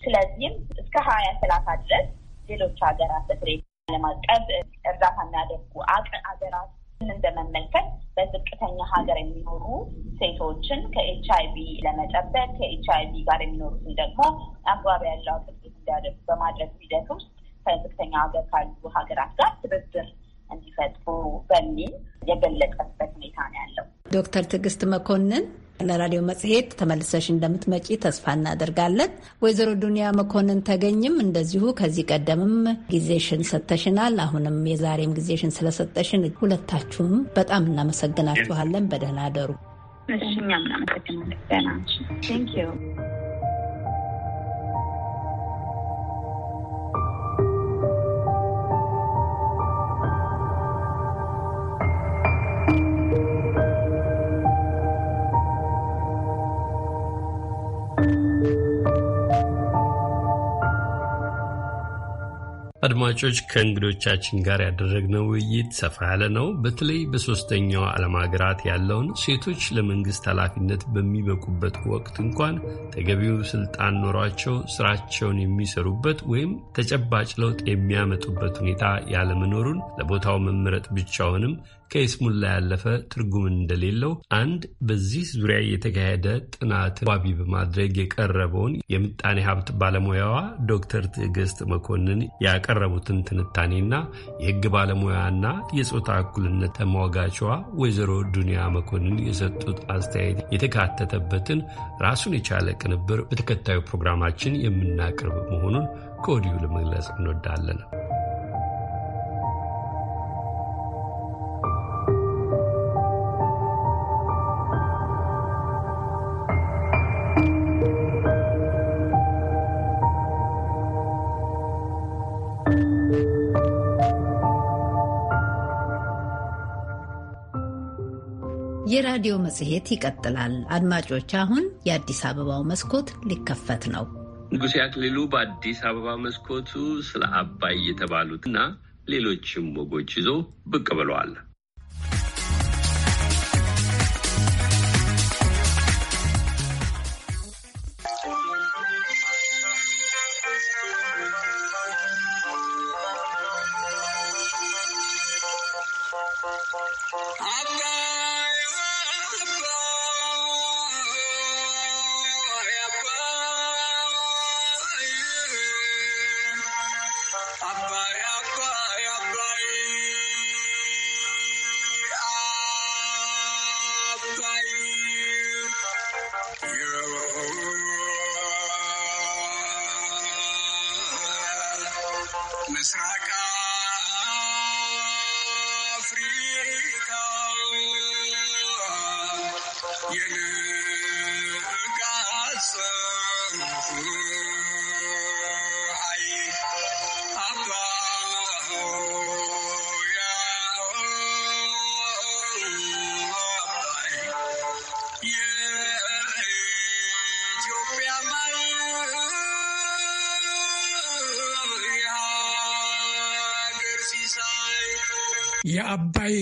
ስለዚህም እስከ ሀያ ሰላሳ ድረስ ሌሎች ሀገራት በተለይ ዓለም አቀፍ እርዳታ የሚያደርጉ አቅም ሀገራት ምን በመመልከት በዝቅተኛ ሀገር የሚኖሩ ሴቶችን ከኤች አይ ቪ ለመጠበቅ ከኤች አይ ቪ ጋር የሚኖሩትን ደግሞ አግባብ ያለው አገልግሎት እንዲያደርጉ በማድረግ ሂደት ውስጥ ከዝቅተኛ ሀገር ካሉ ሀገራት ጋር ትብብር እንዲፈጥሩ በሚል የገለጸበት ሁኔታ ነው ያለው። ዶክተር ትዕግስት መኮንን ለራዲዮ መጽሔት ተመልሰሽ እንደምትመጪ ተስፋ እናደርጋለን። ወይዘሮ ዱንያ መኮንን ተገኝም እንደዚሁ ከዚህ ቀደምም ጊዜሽን ሰጥተሽናል። አሁንም የዛሬም ጊዜሽን ስለሰጠሽን ሁለታችሁም በጣም እናመሰግናችኋለን። በደህና አደሩ። እሺ እኛም እናመሰግናለን። ደህና አድማጮች ከእንግዶቻችን ጋር ያደረግነው ውይይት ሰፋ ያለ ነው። በተለይ በሦስተኛው ዓለም ሀገራት ያለውን ሴቶች ለመንግሥት ኃላፊነት በሚበቁበት ወቅት እንኳን ተገቢው ስልጣን ኖሯቸው ስራቸውን የሚሰሩበት ወይም ተጨባጭ ለውጥ የሚያመጡበት ሁኔታ ያለመኖሩን ለቦታው መመረጥ ብቻውንም ከይስሙላ ያለፈ ትርጉም እንደሌለው አንድ በዚህ ዙሪያ የተካሄደ ጥናት ዋቢ በማድረግ የቀረበውን የምጣኔ ሀብት ባለሙያዋ ዶክተር ትዕግስት መኮንን ያቀረቡትን ትንታኔና የሕግ ባለሙያና የጾታ እኩልነት ተሟጋቿ ወይዘሮ ዱንያ መኮንን የሰጡት አስተያየት የተካተተበትን ራሱን የቻለ ቅንብር በተከታዩ ፕሮግራማችን የምናቀርብ መሆኑን ከወዲሁ ለመግለጽ እንወዳለን። የራዲዮ መጽሔት ይቀጥላል። አድማጮች፣ አሁን የአዲስ አበባው መስኮት ሊከፈት ነው። ንጉሴ አክሊሉ በአዲስ አበባ መስኮቱ ስለ አባይ የተባሉትና ሌሎችም ወጎች ይዞ ብቅ ብለዋል።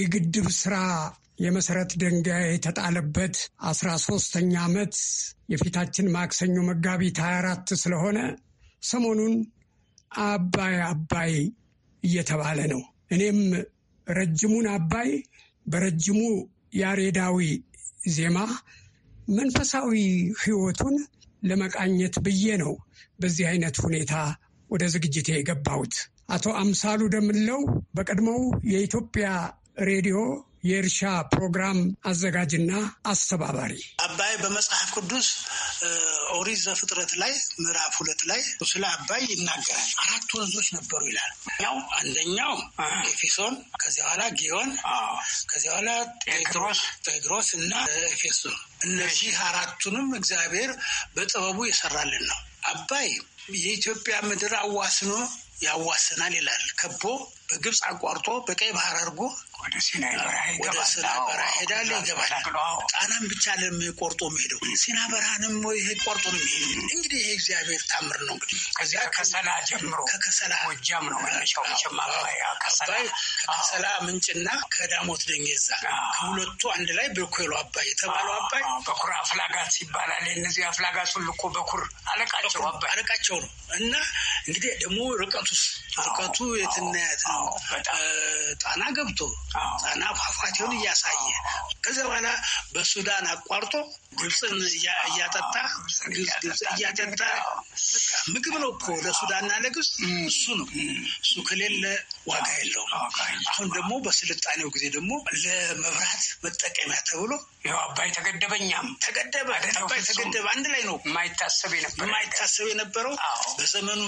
የግድብ ስራ የመሰረት ድንጋይ የተጣለበት አስራ ሶስተኛ ዓመት የፊታችን ማክሰኞ መጋቢት 24 ስለሆነ ሰሞኑን አባይ አባይ እየተባለ ነው። እኔም ረጅሙን አባይ በረጅሙ ያሬዳዊ ዜማ መንፈሳዊ ሕይወቱን ለመቃኘት ብዬ ነው በዚህ አይነት ሁኔታ ወደ ዝግጅቴ የገባሁት። አቶ አምሳሉ ደምለው በቀድሞው የኢትዮጵያ ሬዲዮ የእርሻ ፕሮግራም አዘጋጅና አስተባባሪ አባይ በመጽሐፍ ቅዱስ ኦሪት ዘፍጥረት ላይ ምዕራፍ ሁለት ላይ ስለ አባይ ይናገራል። አራት ወንዞች ነበሩ ይላል። ያው አንደኛው ኤፌሶን፣ ከዚያ በኋላ ጊዮን፣ ከዚያ በኋላ ጤግሮስ ጤግሮስ እና ኤፌሶን። እነዚህ አራቱንም እግዚአብሔር በጥበቡ የሰራልን ነው። አባይ የኢትዮጵያ ምድር አዋስኖ ያዋስናል ይላል። ከቦ በግብፅ አቋርጦ በቀይ ባህር አድርጎ ወደ ሲና በረሃ ሄዳለ ይገባል። ጣናም ብቻ ለሚቆርጦ መሄደው ሲና በረሃንም ወይ ቆርጦ ነው የሚሄድ። እንግዲህ ይሄ እግዚአብሔር ታምር ነው። እንግዲህ ከዚያ ከሰላ ጀምሮ ከከሰላ ጎጃም ነው መነሻው። ከከሰላ ምንጭና ከዳሞት ደንጌዛ ከሁለቱ አንድ ላይ በኮሎ አባይ የተባለው አባይ በኩር አፍላጋት ይባላል። እነዚህ አፍላጋት ሁሉ እኮ በኩር አለቃቸው አለቃቸው ነው እና እንግዲህ ደግሞ ርቀቱ ርቀቱ የትናየት ነው። ጣና ገብቶ ጣና ፏፏቴውን እያሳየ ከዚያ በኋላ በሱዳን አቋርጦ ግብፅን እያጠጣ እያጠጣ ምግብ ነው እኮ ለሱዳንና ለግብፅ እሱ ነው። እሱ ከሌለ ዋጋ የለውም። አሁን ደግሞ በስልጣኔው ጊዜ ደግሞ ለመብራት መጠቀሚያ ተብሎ ይኸው አባይ ተገደበኛም ተገደበ። አባይ ተገደበ። አንድ ላይ ነው የማይታሰብ የነበረው በዘመኑ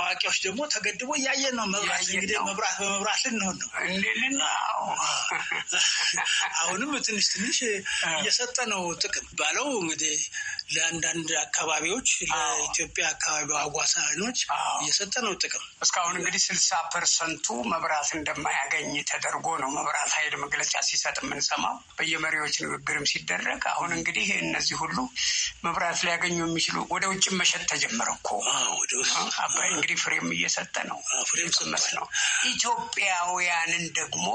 አዋቂዎች ደግሞ ተገድቦ እያየ ነው። መብራት እንግዲህ መብራት በመብራት ልንሆን ነው። አሁንም ትንሽ ትንሽ እየሰጠ ነው ጥቅም ባለው እንግዲህ ለአንዳንድ አካባቢዎች ለኢትዮጵያ አካባቢ አዋሳኞች እየሰጠ ነው ጥቅም። እስካሁን እንግዲህ ስልሳ ፐርሰንቱ መብራት እንደማያገኝ ተደርጎ ነው መብራት ኃይል መግለጫ ሲሰጥ የምንሰማው በየመሪዎች ንግግርም ሲደረግ። አሁን እንግዲህ እነዚህ ሁሉ መብራት ሊያገኙ የሚችሉ ወደ ውጭ መሸጥ ተጀመረ እኮ ወደ አባይ እንግዲህ ፍሬም እየሰጠ ነው ነው ኢትዮጵያውያንን ደግሞ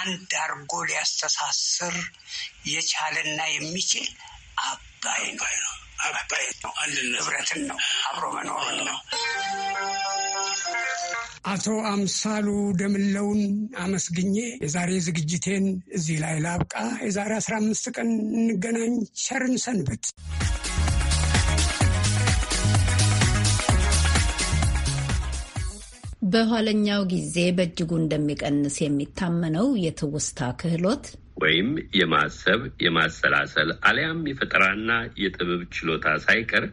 አንድ አርጎ ሊያስተሳስር የቻለና የሚችል አባይ ነው። አባይ ነው። ህብረትን ነው። አብሮ መኖርን ነው። አቶ አምሳሉ ደምለውን አመስግኜ የዛሬ ዝግጅቴን እዚህ ላይ ላብቃ። የዛሬ አስራ አምስት ቀን እንገናኝ። ቸርን ሰንበት በኋለኛው ጊዜ በእጅጉ እንደሚቀንስ የሚታመነው የትውስታ ክህሎት ወይም የማሰብ የማሰላሰል አሊያም የፈጠራና የጥበብ ችሎታ ሳይቀር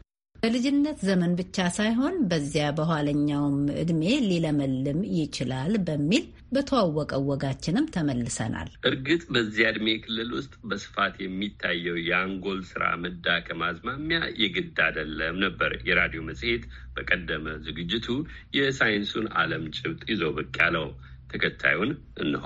በልጅነት ዘመን ብቻ ሳይሆን በዚያ በኋለኛውም እድሜ ሊለመልም ይችላል በሚል በተዋወቀው ወጋችንም ተመልሰናል። እርግጥ በዚያ ዕድሜ ክልል ውስጥ በስፋት የሚታየው የአንጎል ስራ መዳከም አዝማሚያ የግድ አይደለም ነበር የራዲዮ መጽሔት በቀደመ ዝግጅቱ የሳይንሱን ዓለም ጭብጥ ይዞ ብቅ ያለው። ተከታዩን እንሆ።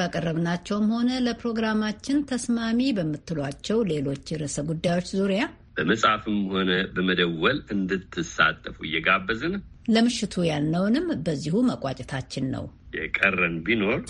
ባቀረብናቸውም ሆነ ለፕሮግራማችን ተስማሚ በምትሏቸው ሌሎች ርዕሰ ጉዳዮች ዙሪያ በመጻፍም ሆነ በመደወል እንድትሳተፉ እየጋበዝን ለምሽቱ ያልነውንም በዚሁ መቋጨታችን ነው የቀረን ቢኖር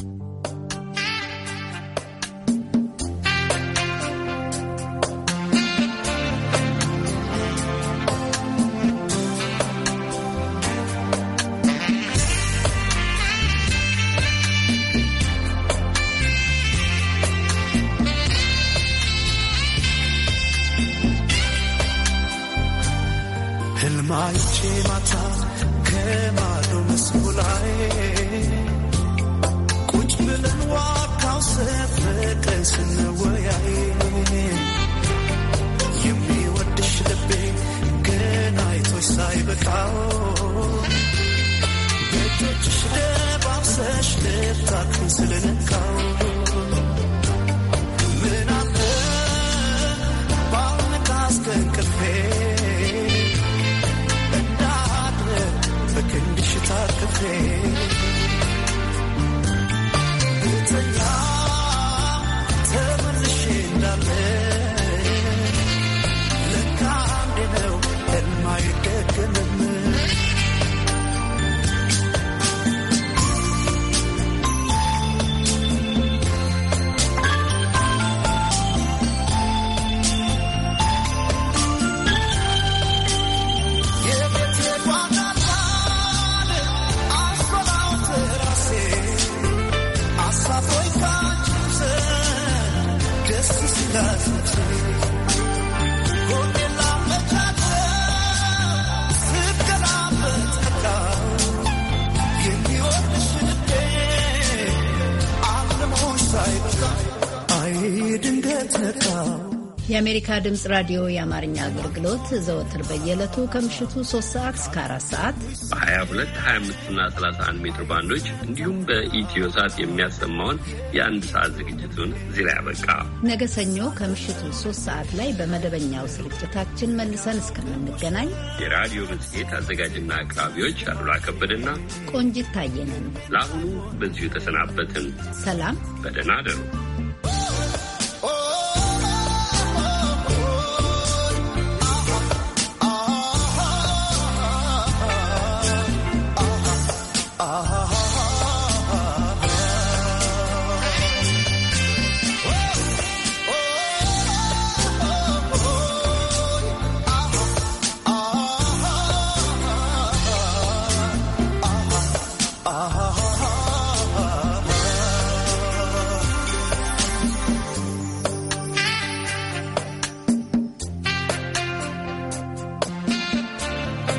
ማይቼ ማታ ከማዶ መስኩ ላይ ቁጭ ብለን ዋካው ሰፈቀን ስንወያይ የሚወድሽ ልቤ ገና አይቶች ሳይበቃው በእጆችሽ ደባብሰሽ ልታክም ስለነካው सकते የአሜሪካ ድምፅ ራዲዮ የአማርኛ አገልግሎት ዘወትር በየዕለቱ ከምሽቱ 3 ሰዓት እስከ 4 ሰዓት በ22፣ 25ና 31 ሜትር ባንዶች እንዲሁም በኢትዮ ሰዓት የሚያሰማውን የአንድ ሰዓት ዝግጅቱን እዚህ ላይ ያበቃ። ነገ ሰኞ ከምሽቱ 3 ሰዓት ላይ በመደበኛው ስርጭታችን መልሰን እስከምንገናኝ የራዲዮ መጽሔት አዘጋጅና አቅራቢዎች አሉላ ከበደና ቆንጂት ታየነን ለአሁኑ በዚሁ ተሰናበትን። ሰላም፣ በደህና አደሩ።